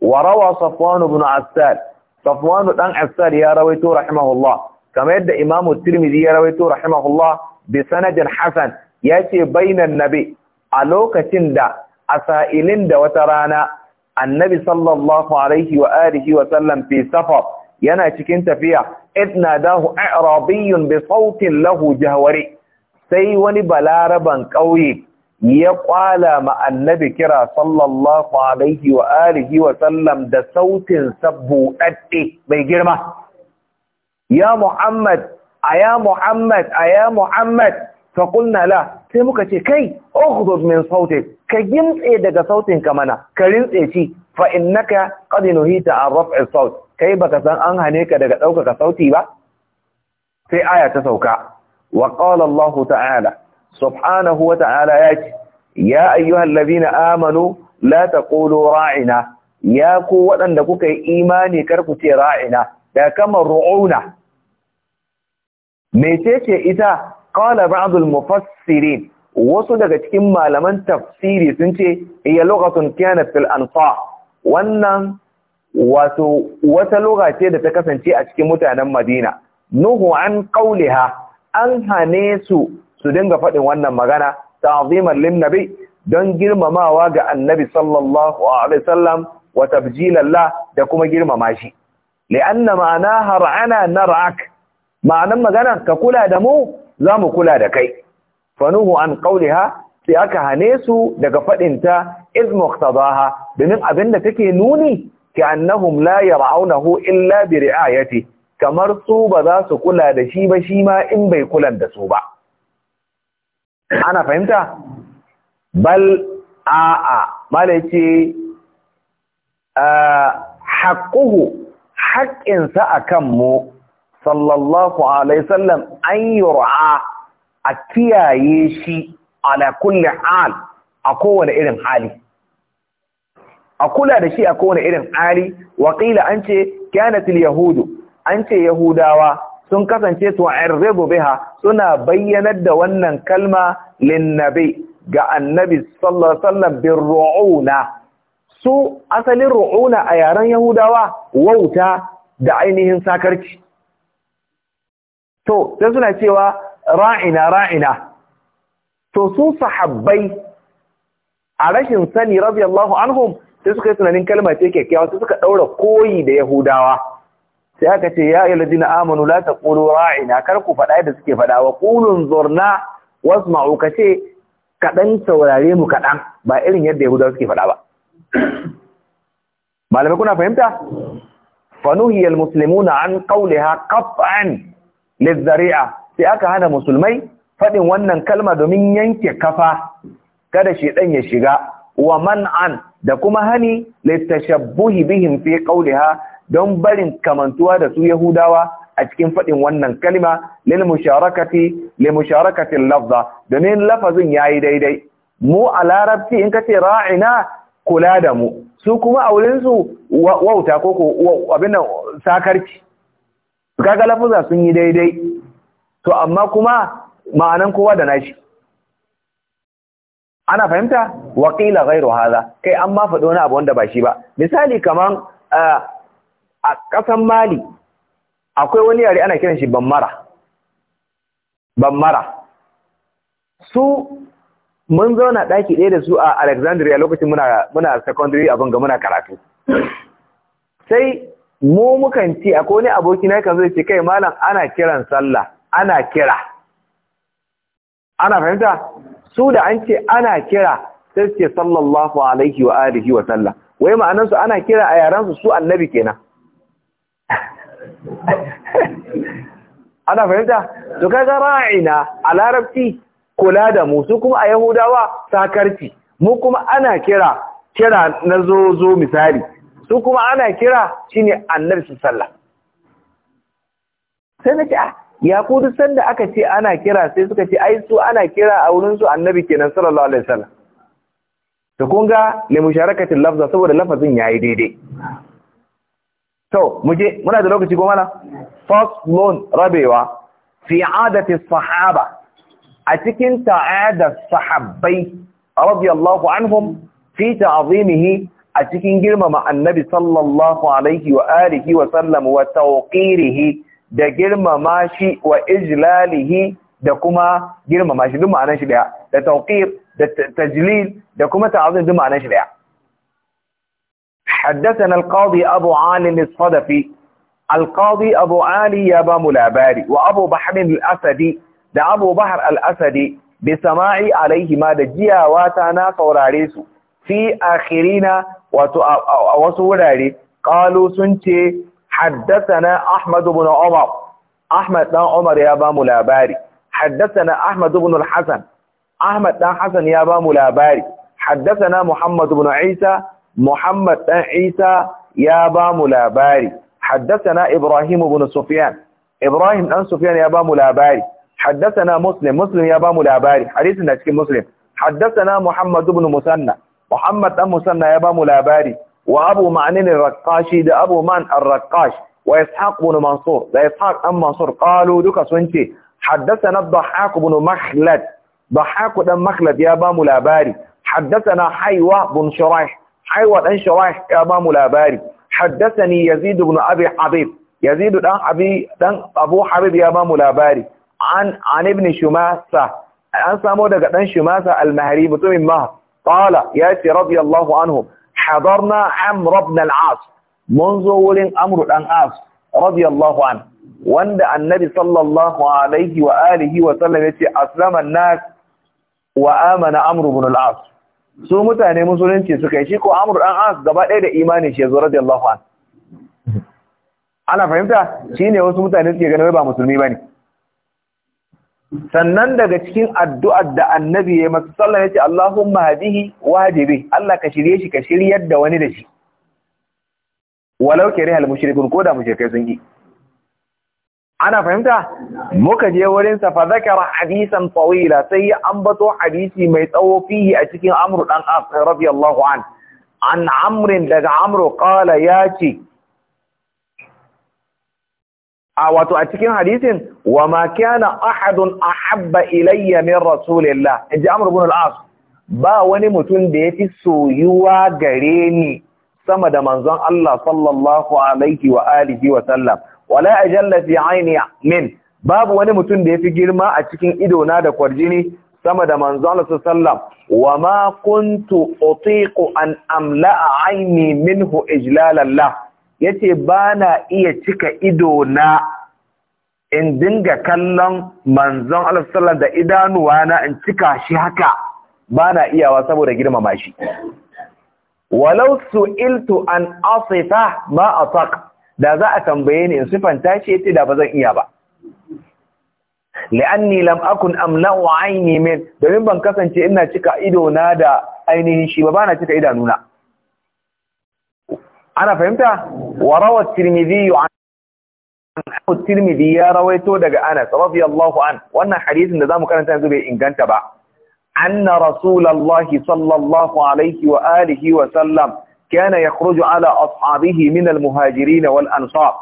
wa rawa safwan ibn asad safwan dan asad ya rawaito rahimahullah kamar yadda imamu tirmidhi ya rawaito rahimahullah bi sanadin hasan yace bainan nabi a lokacin da a sa'ilin da wata rana annabi sallallahu alaihi wa alihi wa sallam fi safar yana cikin tafiya idna dahu a'rabiyyun bi sautin lahu jahwari sai wani balaraban ƙauye ya kwala ma annabi kira sallallahu alaihi wa alihi wa sallam da sautin sabbu mai girma ya muhammad ya muhammad ya muhammad ta qulna la sai muka ce kai ukhdud min sautin! ka gimtse daga sautin ka mana ka rintse shi fa innaka qad hita a raf'i saut kai baka san an hane ka daga ɗaukaka sauti ba sai aya ta sauka wa qala Allah ta'ala subhanahu wa ta'ala ce, ya ayyuhal ladina amanu la taqulu ra'ina ya ko waɗanda kuka yi imani kar ku ce ra'ina da kamar ru'una mecece ita qala ba'd mufassirin wasu daga cikin malaman tafsiri sun ce iya lokacin kyanat fil anfa wannan wato wata lokaci da ta kasance a cikin mutanen Madina nuhu an qauliha an hane su su dinga faɗin wannan magana ta azimar nabi don girmamawa ga annabi sallallahu alaihi wasallam wa tabjilallah da kuma girmama shi li'anna ma'anaha na nar'ak ma'anan magana ka kula da mu za mu kula da kai fanuhu an qawliha sai aka hane su daga faɗin ta iz muqtadaha domin abinda take nuni ka annahum la yar'aunahu illa bi ce. kamar su ba za su kula da shi ba shi ma in bai kulan da su ba ana fahimta bal a'a mala ce haƙuhu haƙƙinsa a kanmu sallallahu alaihi sallam an yi ra'a a kiyaye shi ala kulli hal a kowane irin hali a kula da shi a kowane irin hali waƙila an ce kyanatil yahudu an ce yahudawa sun kasance tu'arribu biha suna bayyanar da wannan kalma linnabi ga annabi sallallahu alaihi wasallam ru'una su asalin ru'una a yaren yahudawa wauta da ainihin sakarci to sai suna cewa ra'ina ra'ina to su sahabbai a rashin sani radiyallahu anhum sai suka yi tunanin kalma ce kyakkyawa sai suka daura koyi da yahudawa sai aka ce ya ayyuhal ladina amanu la taqulu ra'ina kar ku faɗa da suke faɗa wa qulun zurna wasma'u kace kadan saurare mu kadan ba irin yadda yahudawa suke faɗa ba malamai kuna fahimta musulmi na an qawliha qat'an lizari'a sai aka hana musulmai faɗin wannan kalma domin yanke kafa kada shedan ya shiga wa man'an da kuma hani litashabbuhi bihim fi qawliha don barin kamantuwa da su Yahudawa a cikin faɗin wannan kalima, lil musharakati lil musharakati lafza domin lafazin yayi daidai mu a larabci in kace ra'ina kula da mu su kuma a wurin su wauta ko ko abin sakarci kaga lafaza sun yi daidai to amma kuma ma'anan kowa da nashi ana fahimta waqila ghayru hadha kai amma faɗo wani abu wanda ba shi ba misali kaman ah, a ƙasan mali akwai wani yare ana kiran shi bammara bammara su mun zauna ɗaki ɗaya da su a alexandria lokacin muna muna secondary abin ga muna karatu sai mu mukan ce akwai wani aboki na kan zai ce kai malam ana kiran sallah ana kira ana fahimta su da an ce ana kira sai ce sallallahu alaihi wa alihi wa sallam wai ma'anansu ana kira a yaransu su annabi kenan ana fahimta to ga ra'ina a larabci kula da mu su kuma a yahudawa sakarci mu kuma ana kira kira na zozo misali su kuma ana kira shine annabi sallah sai na ce ah, ya ku duk sanda aka ce ana kira sai suka ce ai su ana kira a wurin su annabi kenan sallallahu alaihi wasallam to kun ga li musharakatil lafza saboda lafazin yayi daidai to muje muna da lokaci goma na faslun rabewa fi adati sahaba a cikin ta'ada sahabbai radiyallahu anhum fi ta'zimihi a cikin girmama annabi sallallahu alaihi wa alihi wa sallam wa tawqirihi da girmama shi wa ijlalihi da kuma girmama shi duk ma'anar shi daya da tawqir da tajlil da kuma ta'zim duk ma'anar shi daya حدثنا القاضي أبو علي الصدفي القاضي أبو عالي يا ملاباري وأبو بحر الأسدي ده أبو بحر الأسدي بسماعي عليهما دا جياواتانا فوراريسو في آخرين وسوراري قالوا سنتي حدثنا أحمد بن عمر أحمد بن عمر يا ملاباري حدثنا أحمد بن الحسن أحمد بن حسن يا ملاباري حدثنا محمد بن عيسى Muhammad ɗan Isa ya ba mu labari, haddasana Ibrahim Ibrahim ɗan Sufyan ya ba mu labari, haddasana Muslim, Muslim ya ba mu labari, hadisi na cikin Muslim, haddasana Muhammad ibn Musanna, Muhammad ɗan Musanna ya ba mu labari, wa Abu Ma'anin al da Abu Man al-Raqash, wa Ishaq ibn Mansur, da Ishaq ɗan Mansur ƙalu duka sun ce, haddasana Dhahaq ibn Makhlad, Dhahaq ɗan Makhlad ya ba mu labari, na Haiwa ibn Shuraih, ai wa dan shawah ya ba mu labari haddathani yazid ibn abi habib yazid dan abi dan abu habib ya ba mu labari an an ibn shumasa an samo daga dan shumasa al-mahri mutumin ma qala ya ce radiyallahu anhu hadarna amr ibn al-as mun zo wurin amr dan as radiyallahu anhu wanda annabi sallallahu alaihi wa alihi wa sallam yace aslama an-nas wa amana amr ibn al-as su mutane musulunci suka yi shi ko amur an as gaba ɗaya da imanin shi yazo Allah. an ana fahimta Shi ne wasu mutane suke ganin ba musulmi ba ne. sannan daga cikin addu'ar da annabi ya masa ya ce, Allahumma hadihi wa hadibi Allah ka shirye shi ka shiryar da wani da shi walau kirihal halmushirikun ko da mushirikai sun yi ana fahimta muka je wurin sa fa zakara hadisan tawila sai ya ambato hadisi mai tsawo fihi a cikin amru dan as radiyallahu an an amrin daga amru qala yace a wato a cikin hadisin wa ma kana ahadun ahabba ilayya min rasulillah inji amru ibn al-as ba wani mutum da yafi soyuwa gare ni sama da manzon Allah sallallahu alaihi wa alihi wa sallam wala ajalla fi aini min babu wani mutum da yafi girma a cikin idona da kwarjini sama da manzo Allah sallam wa ma kuntu utiqu an amla aini minhu ijlalallah yace bana iya cika idona na in dinga kallon manzon Allah sallallahu da idanuwa na in cika shi haka bana iyawa saboda girmama shi walau su'iltu an asifa ma ataq da za a tambaye ni in sifanta shi yace da ba zan iya ba li'anni lam akun amla'u aini min domin ban kasance ina cika ido na da ainihin shi ba bana cika na ana fahimta wa rawa tirmidhi an tirmidhi ya rawaito daga Anas radiyallahu an wannan hadisin da zamu karanta yanzu bai inganta ba anna rasulullahi sallallahu alaihi wa alihi wa sallam kana yakhruju ala ashabihi min al wal ansar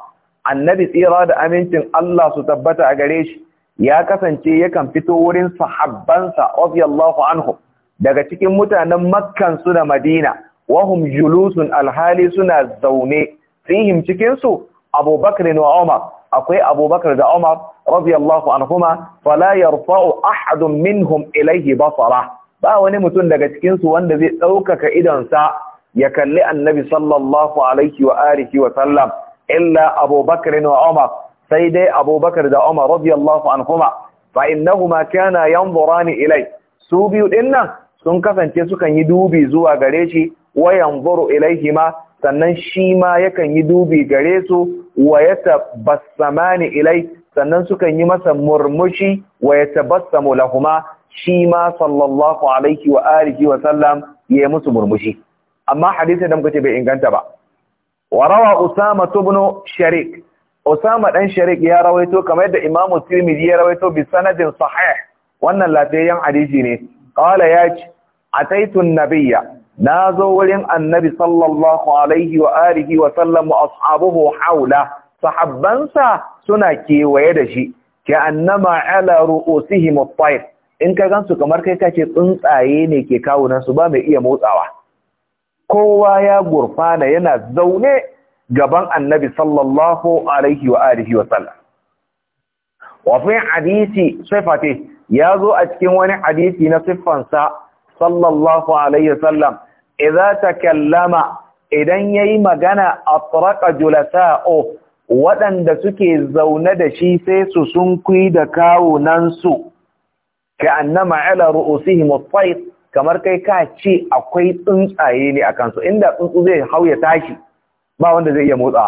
annabi tsira da amincin Allah su tabbata a gare shi ya kasance yakan fito wurin sahabbansa radiyallahu anhu daga cikin mutanen makkan su da madina wahum julusun alhali suna zaune fihim cikin su abubakar wa umar akwai abubakar da umar radiyallahu anhuma fala yarfa'u ahadun minhum ilayhi basara ba wani mutum daga cikin su wanda zai ɗaukaka idonsa ya kalli annabi sallallahu alaihi wa wa sallam illa abubakar wa umar sai dai abubakar da umar radiyallahu anhuma fa innahuma kana yanzurani ilai su biyu dinnan sun kasance sukan yi dubi zuwa gare shi wa yanzuru ilaihima sannan shi ma yakan yi dubi gare su wa yatabassamani ilai sannan sukan yi masa murmushi wa yatabassamu lahuma shi ma sallallahu alaihi wa wa sallam ya musu murmushi amma hadisi da muka ce bai inganta ba wa rawa usama ibn sharik usama dan sharik ya rawaito kamar yadda Imam tirmidhi ya rawaito bi sanadin sahih wannan lafiyayyen hadisi ne qala ya ce ataitu an-nabiyya nazo wurin annabi sallallahu alaihi wa alihi wa sallam wa ashabuhu haula sahabbansa suna kewaye da shi Ke annama ala ru'usihim at-tayr in ka gansu kamar kai kace tsuntsaye ne ke kawunan su ba mai iya motsawa kowa ya gurfana yana zaune gaban annabi sallallahu alaihi wa alihi wa sallam wafin hadisi sifati ya zo a cikin wani hadisi na siffansa sallallahu alaihi wa sallam idza takallama idan yayi magana atraqa o waɗanda suke zaune da shi sai su sunkui da kawunansu ka annama ala ru'usihim at kamar kai ka ce akwai tsuntsaye ne a kansu inda tsuntsu zai hau ya tashi ba wanda zai iya motsa.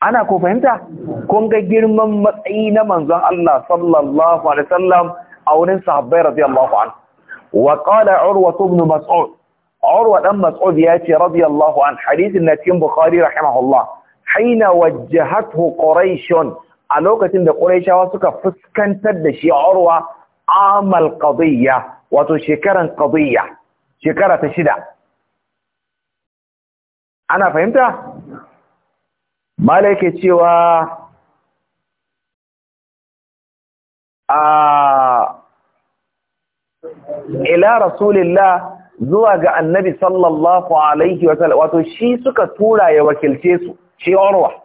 ana ko fahimta kun ga girman matsayi na manzon Allah sallallahu alaihi wasallam a wurin sahabbai radiyallahu an wa qala urwa ibn mas'ud urwa dan mas'ud ce radiyallahu an hadithin na cikin bukhari rahimahullah haina wajjahathu quraish a lokacin da quraishawa suka fuskantar da shi urwa amal ƙadiyya, wato shekaran ƙadiyya, shekara ta shida ana fahimta malai ke cewa a ila rasulillah zuwa ga annabi sallallahu alaihi wasallam wato shi suka tura ya wakilce su shi urwa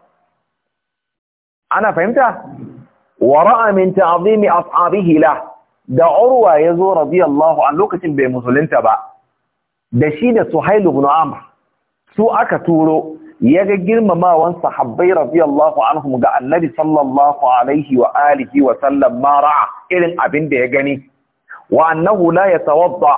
ana fahimta wara'a min ta'zimi ashabihi la da urwa ya zo radiyallahu an lokacin bai musulunta ba da shi da suhailu ibn amr su aka turo ya ga girmamawan sahabbai radiyallahu anhum ga annabi sallallahu alaihi wa alihi wa sallam mara irin abin da ya gani wa annahu la yatawadda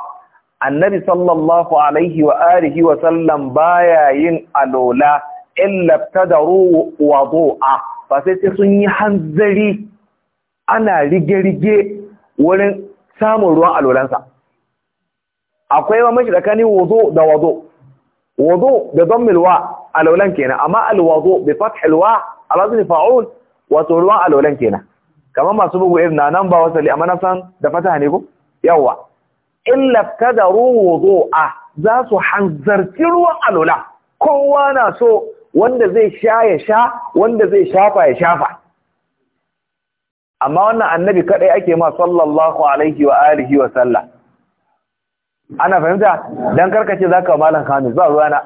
annabi sallallahu alaihi wa alihi wa sallam baya yin alola illa tadaru wudu'a fa sai sun yi hanzari ana rige-rige wurin samun ruwan al'olansa, akwai mashi tsakanin wazo da wazo. Wazo da dammil al'olan kenan amma al'wazo bi fathil alazin fa'ul wato ruwan al'olan kenan kamar masu bugu irin nan ba wasali amma na san da fataha ne ko yawa illa kadaru a za su hanzarci ruwan alwala kowa na so wanda zai sha ya sha wanda zai shafa ya shafa amma wannan annabi kadai ake ma sallallahu alaihi wa alihi wa sallam ana fahimta dan karkace zaka malam khamis ba na.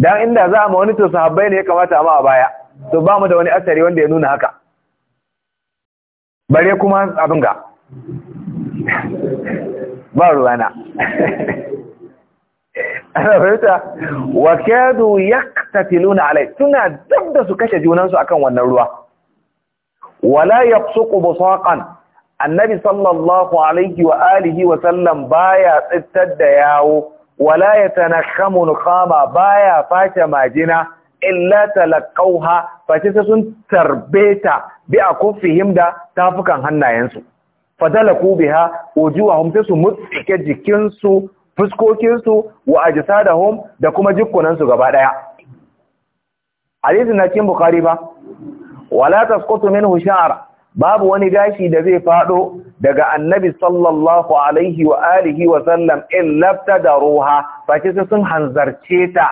dan inda za mu wani to sahabbai ne ya kamata a ma a baya to ba mu da wani asari wanda ya nuna haka bare kuma abin ga ba ruwa na. ana fahimta wa kadu yaqtatiluna alai suna dab da su kashe junansu akan wannan ruwa wala yabsuqu busaqan annabi sallallahu alaihi wa alihi wa sallam baya tsittar da yawo wala yatanakhamu nuqama baya face majina illa talaqauha face sai sun tarbeta bi akufihim da tafukan hannayensu fadalaku biha wujuhahum sai mutsike jikinsu fuskokinsu wa ajsadahum da kuma jikkunansu gaba daya hadisi na cikin bukhari ba wala tasqutu minhu sha'ra babu wani gashi da zai fado daga annabi sallallahu alaihi wa alihi wa sallam illa sai sun hanzarce ta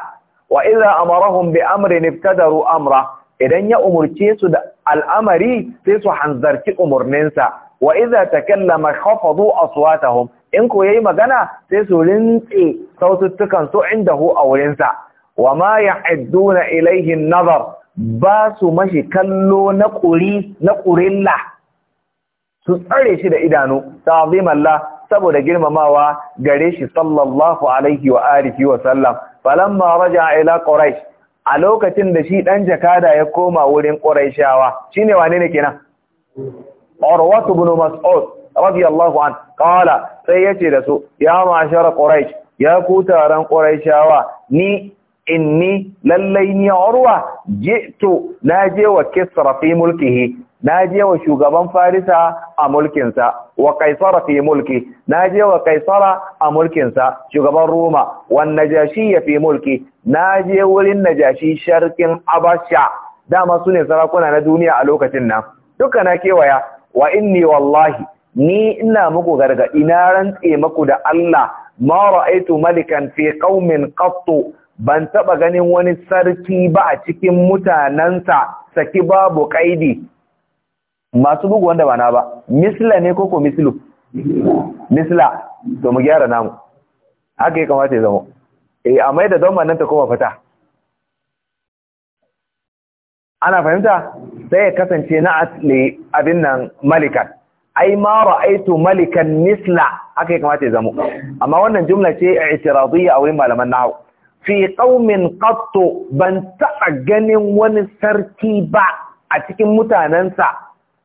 wa idza amarahum bi amrin ibtadaru amra idan ya umurce su da al'amari sai su hanzarci umurninsa wa idza takallama khafadu aswatahum in ko yayi magana sai su rintse saututtukan su hu a wurinsa wa ma ya'duna ilayhi an-nazar ba su mashi kallo na ƙuri na ƙurilla su tsare shi da idanu ta'zimallah saboda girmamawa gare shi sallallahu alaihi wa alihi wa sallam falamma raja ila quraish a lokacin da shi dan jakada ya koma wurin quraishawa shine wane ne kenan urwatu ibn mas'ud radiyallahu an qala sai yace da su ya ma'ashara quraish ya ku taron quraishawa ni inni lallai ni urwa jitu naje wa kisra fi mulkihi naje wa shugaban farisa a mulkinsa wa kaisara fi mulki naje wa kaisara a mulkinsa shugaban roma wan najashi fi mulki naje wurin najashi sharkin abasha dama sune sarakuna na duniya a lokacin nan duka na kewaya wa inni wallahi ni ina muku gargadi na rantse muku da Allah ma ra'aitu malikan fi qaumin qattu ban taba ganin wani sarki ba a cikin mutanensa saki babu kaidi masu bugu wanda ba na ba misla ne ko ko mislu misla to mu gyara namu haka ya kamata ya zama eh amma da don nan ta koma fata ana fahimta sai ya kasance na asli abin nan malikan ai ma ra'aitu malikan misla haka ya kamata ya zama amma wannan jumla ce i'tiradiyya a wurin malaman nahwu fi ƙaumin qattu ban taɓa ganin wani sarki ba a cikin mutanensa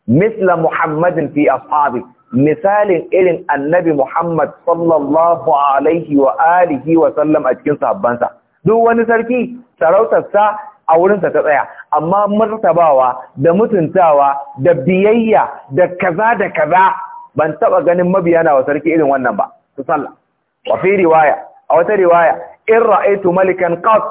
misla muhammadin fi ashabi misalin irin annabi muhammad sallallahu alaihi wa alihi wa sallam a cikin sabbansa. duk wani sarki sarautarsa a wurinsa ta tsaya amma martabawa da mutuntawa da biyayya da kaza da kaza ban taɓa ganin mabiya na wa sarki irin wannan ba su sallah wa fi riwaya a wata riwaya in ra'aitu malikan qas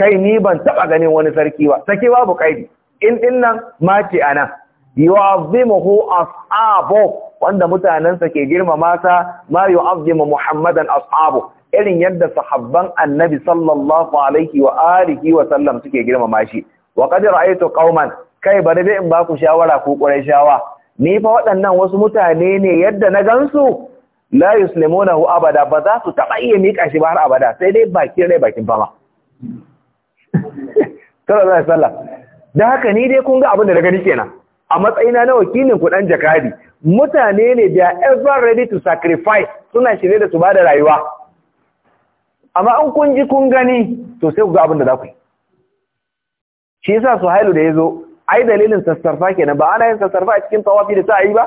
kai ni ban taba ganin wani sarki ba Saki babu kaidi in dinnan ma ce ana yu'azzimuhu ashabu wanda mutanansa ke girmama sa ma yu'azzimu muhammadan ashabu irin yadda sahabban annabi sallallahu alaihi wa alihi wa sallam suke girmama shi wa qad Ra'aitu qauman kai bari dai in ba ku shawara ku shawa. ni fa waɗannan wasu mutane ne yadda na gansu la yuslimunahu abada ba za su taba iya mika shi ba har abada sai dai bakin rai bakin fama kada za sallah dan haka ni dai kun ga abin da daga ni kenan a matsayina na wakilin ku dan jakadi mutane ne da ever ready to sacrifice suna shirye da su bada rayuwa amma an kun ji kun gani to sai ku ga abin da za ku yi shi yasa Suhailu da yazo ai dalilin sassarfa kenan ba ana yin sassarfa a cikin tawafi da sa'i ba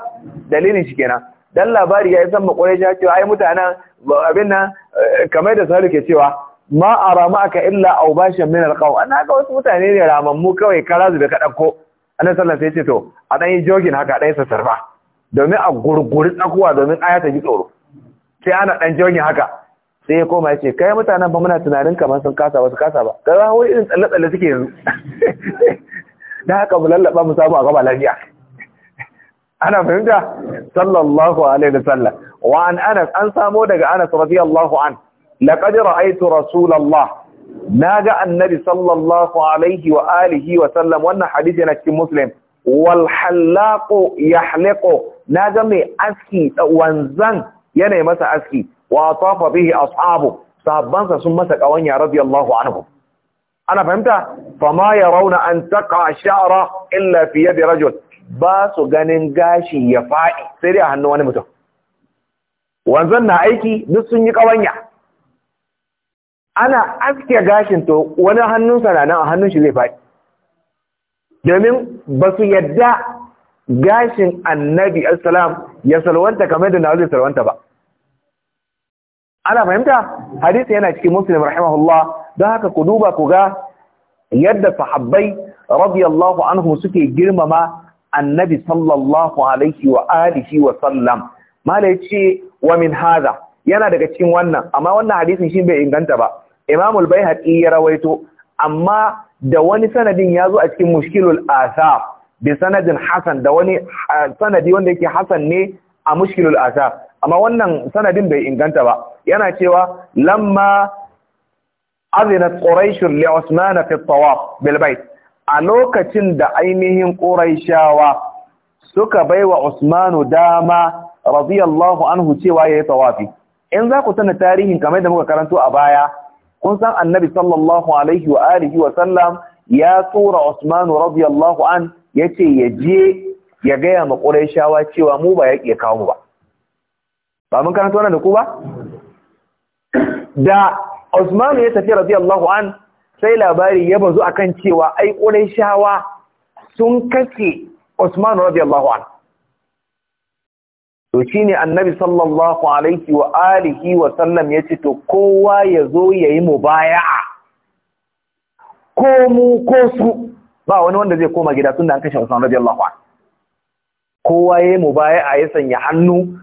dalilin shi kenan dan labari ya yi isan ƙwarai ya cewa ai mutanen abin nan kamar da sauri ke cewa ma rama aka illa a ubashin min kawo an haka wasu mutane ne ramammu kawai kara da ka ɗanko sallallahu alaihi sai ce to a ɗan yi jogin haka ɗan sa sarfa domin a gurguri tsakuwa domin aya ta ji tsoro sai ana dan jogin haka sai ya koma ya ce kai mutanen ba muna tunanin kamar sun kasa ba su kasa ba ga wani irin tsalle-tsalle suke yanzu da haka mu lallaɓa mu samu a gaba lafiya ana fahimta sallallahu alaihi wasallam wa an anas an samo daga anas radiyallahu an laqad ra'aytu rasulullah naga annabi sallallahu alaihi wa alihi wa sallam wannan hadisi na cikin muslim wal halaqu yahliqu naga mai aski wanzan yana masa aski wa tafa bihi ashabu sahabbansa sun masa kawanya radiyallahu anhu ana fahimta fama yarawna an taqa sha'ra illa fi yadi rajul ba su ganin gashi ya faɗi sai dai a hannun wani mutum wanzan na aiki duk sun yi ƙawanya ana aske gashin to wani hannun na a hannun shi zai faɗi domin ba su yadda gashin annabi assalam ya salwanta kamar da na zai salwanta ba ana fahimta hadisi yana cikin muslim rahimahullah don haka ku duba ku ga yadda sahabbai radiyallahu anhu suke girmama annabi sallallahu alaihi wa alihi wa sallam mala yace wa min hadha yana daga cikin wannan amma wannan hadisin shi bai inganta ba Imam al-Baihaqi ya rawaito amma da wani sanadin yazo a cikin Mushkilul Asar bi sanadin Hasan da wani sanadi wanda yake Hasan ne a Mushkilul asa, amma wannan sanadin bai inganta ba yana cewa lamma azinat quraish li usman fi at-tawaf bil a lokacin da ainihin ƙuraishawa suka baiwa Usmanu dama radiyallahu anhu cewa yayi tawafi in za ku sanin tarihin kamar da muka karanto a baya kun san annabi sallallahu alaihi wa alihi wa sallam ya tura Usmanu radiyallahu an yace ya je ya gaya ma Qurayshawa cewa mu ba yake kawo mu ba ba mun karanta wannan da ku ba da Usmanu ya tafi radiyallahu an sai labari ya bazu a kan cewa ai shawa sun kashe Usman radiyallahu anhu to shine annabi sallallahu alaihi wa alihi wa sallam ya ce to kowa yazo yayi mubaya'a ko mu ko su ba wani wanda zai koma gida tun da an kashe Usman radiyallahu anhu kowa baya a ya sanya hannu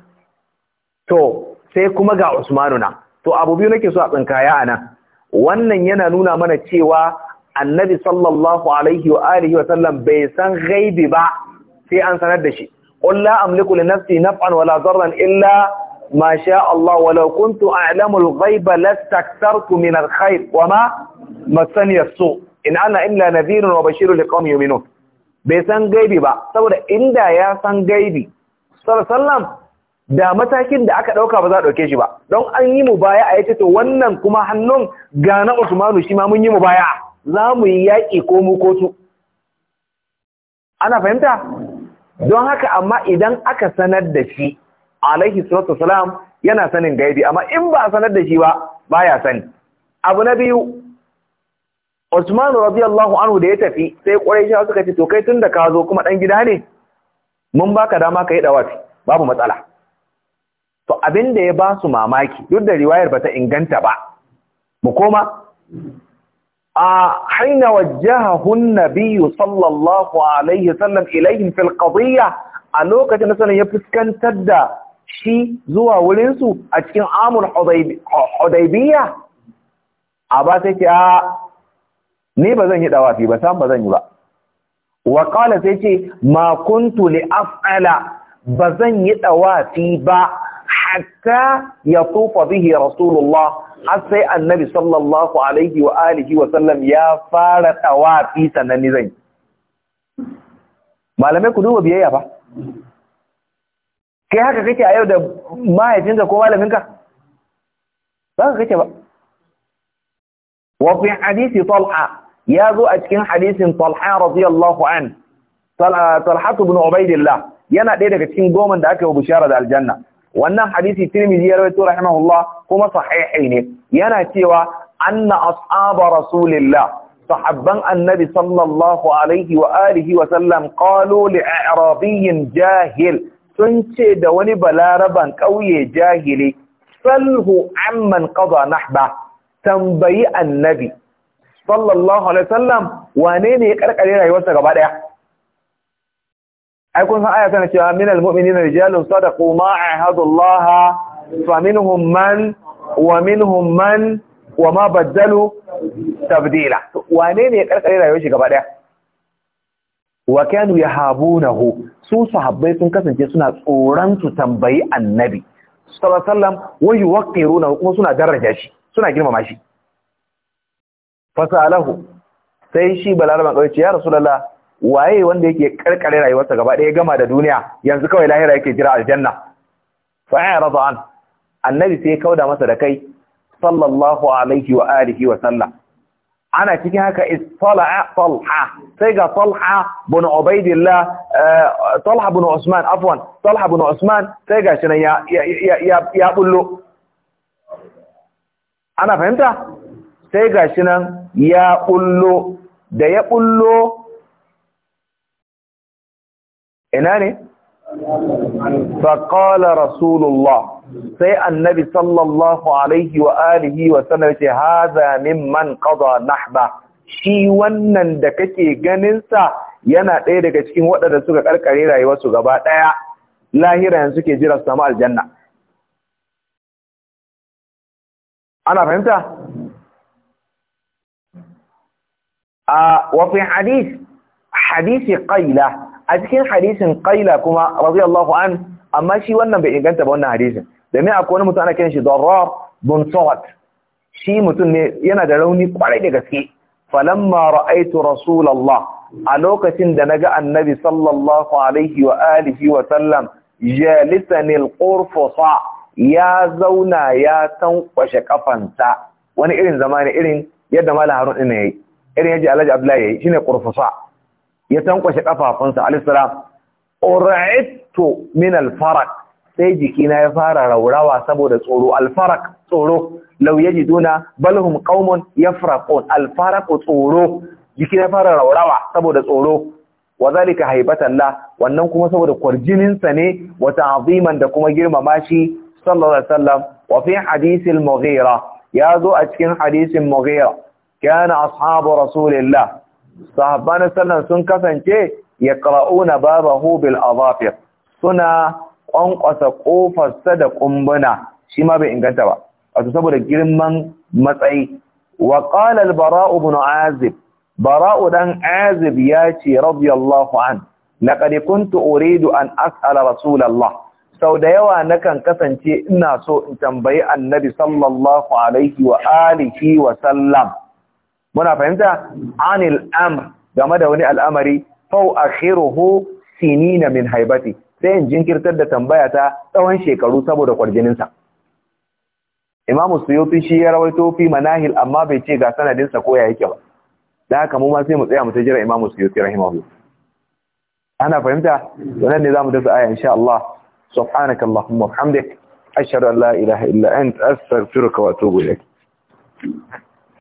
to sai kuma ga Usmanu na. to abu biyu nake so a tsinkaya a nan. wannan yana nuna mana cewa annabi sallallahu alaihi wa alihi wa sallam bai san ghaibi ba sai an sanar da shi qul la amliku li nafsi naf'an wala darran illa ma sha Allah wa law kuntu a'lamu al-ghaiba lastakthartu min al-khair wa ma masani as-su in ana illa nadhirun wa bashirun liqaumin yu'minun bai san gaibi ba saboda inda ya san gaibi sallallahu da matakin da aka ɗauka ba za a ɗauke shi ba don an yi mu baya a yace to wannan kuma hannun ga na Usmanu shi ma mun yi mu baya za mu yi yaƙi ko mu kotu ana fahimta don haka amma idan aka sanar da shi alaihi salatu wasalam yana sanin gaibi amma in ba a sanar da shi ba baya sani abu na biyu Usmanu radiyallahu anhu da ya tafi sai Quraysh suka ce to kai tunda ka zo kuma ɗan gida ne mun baka dama ka yi dawafi babu matsala to abin da ya ba su mamaki duk da riwayar ba ta inganta ba mu koma a haina hun nabiyyu sallallahu alaihi sallam ilayhim fil qadiyya a lokacin da sanin ya fuskantar da shi zuwa wurin su a cikin amul hudaybiyya a ba sai ce ni ba zan yi dawafi ba sam ba zan yi ba wa qala sai ce ma kuntu li af'ala ba zan yi dawafi ba حتى يطوف به رسول الله حتى النبي صلى الله عليه وآله وسلم يا فار توافي سنة نزين ما لم يكن هو بيئة فا كي هكا كيتي أيو دب ما يتنزا كو مالا منك لا كيتي با وفي حديث طلحة يا ذو أجكين حديث طلحة رضي الله عنه طلحة بن عبيد الله يا نا ديدك تكين قوما داك وبشارة دا الجنة wannan hadisi tirmidhi ya rawaito rahimahullah kuma sahihi ne yana cewa anna ashaba rasulillah sahabban annabi sallallahu alaihi wa alihi wa sallam qalu li a'rabiyyin jahil sun ce da wani balaraban kauye jahili salhu amman qada nahba tambayi annabi sallallahu alaihi wa sallam wane ne ya karkare rayuwarsa gaba daya ai kun san aya tana cewa minal mu'minina rijalun sadaqu ma ahadullah fa minhum man wa minhum man wa ma badalu tabdila wane ne ya karkare rayuwar shi gaba daya wa kanu yahabunahu su sahabbai sun kasance suna tsoron su tambayi annabi sallallahu alaihi wasallam wa yuqiruna kuma suna daraja shi suna girmama shi fasalahu sai shi balaraban ce ya rasulullah waye wanda yake karkare rayuwarsa gaba ɗaya gama da duniya yanzu kawai lahira yake jira aljanna fa ya rada an annabi sai kauda masa da kai sallallahu alaihi wa alihi wa sallam ana cikin haka isfala talha sai ga talha bin ubaidillah eh, talha bin usman afwan talha bin usman sai ga shi ya ya ya bullo ana fahimta sai ga shi nan ya bullo da ya bullo ina ne faƙala rasulullah sai annabi sallallahu alaihi wa alihi wa sanar ce haza man qada nahba shi wannan da kake ganinsa yana ɗaya daga cikin waɗanda suka ƙarƙare rayuwarsu gaba ɗaya lahira yanzu ke jira su samu aljanna ana fahimta a hadisi ƙaila a cikin hadisin qaila kuma radiyallahu an amma shi wannan bai inganta ba wannan hadisin domin akwai wani mutum ana kiran shi Darrar bin Sawat shi mutum ne yana da rauni kwarai da gaske falamma ra'aytu rasulallah a lokacin da naga annabi sallallahu alaihi wa alihi wa sallam jalisan alqurfusa ya zauna ya tankwashe kafansa wani irin zamani irin yadda malam Harun din yayi irin yaji Alhaji Abdullahi yayi shine qurfusa ya tankwashe kafafunsa alisalam ur'ittu min alfarq sai jikina ya fara raurawa saboda tsoro alfarq tsoro law yajiduna balhum qaumun yafraqun alfarq tsoro jikina ya fara raurawa saboda tsoro wazalika haibatan wannan kuma saboda kwarjininsa ne wa ta'ziman da kuma girmama shi sallallahu alaihi wasallam wa fi hadith al-mughira yazo a cikin hadisin mughira kana ashabu rasulillah Sahabbanin sallan sun kasance ya yaqra'una babahu bil adafir suna ƙwanƙwasa ƙofarsa da ƙumbuna, shi ma bai inganta ba wato saboda girman matsayi wa bara'u ibn azib bara'u dan azib ya ce radiyallahu an laqad kuntu uridu an as'ala rasulallah. sau da yawa nakan kasance ina so in tambayi annabi sallallahu alaihi wa alihi wa sallam muna fahimta anil amr game da wani al'amari fau akhiruhu sinina min haibati sai in jinkirtar da tambaya ta tsawon shekaru saboda kwarjinin sa Imam Suyuti shi ya rawaito fi manahil amma bai ce ga sanadin sa ko ya yake ba da haka mu ma sai mu tsaya mu tajira Imam Suyuti rahimahullah ana fahimta wannan ne zamu dasa aya insha Allah subhanakallahumma wa bihamdik ashhadu an la ilaha illa anta astaghfiruka wa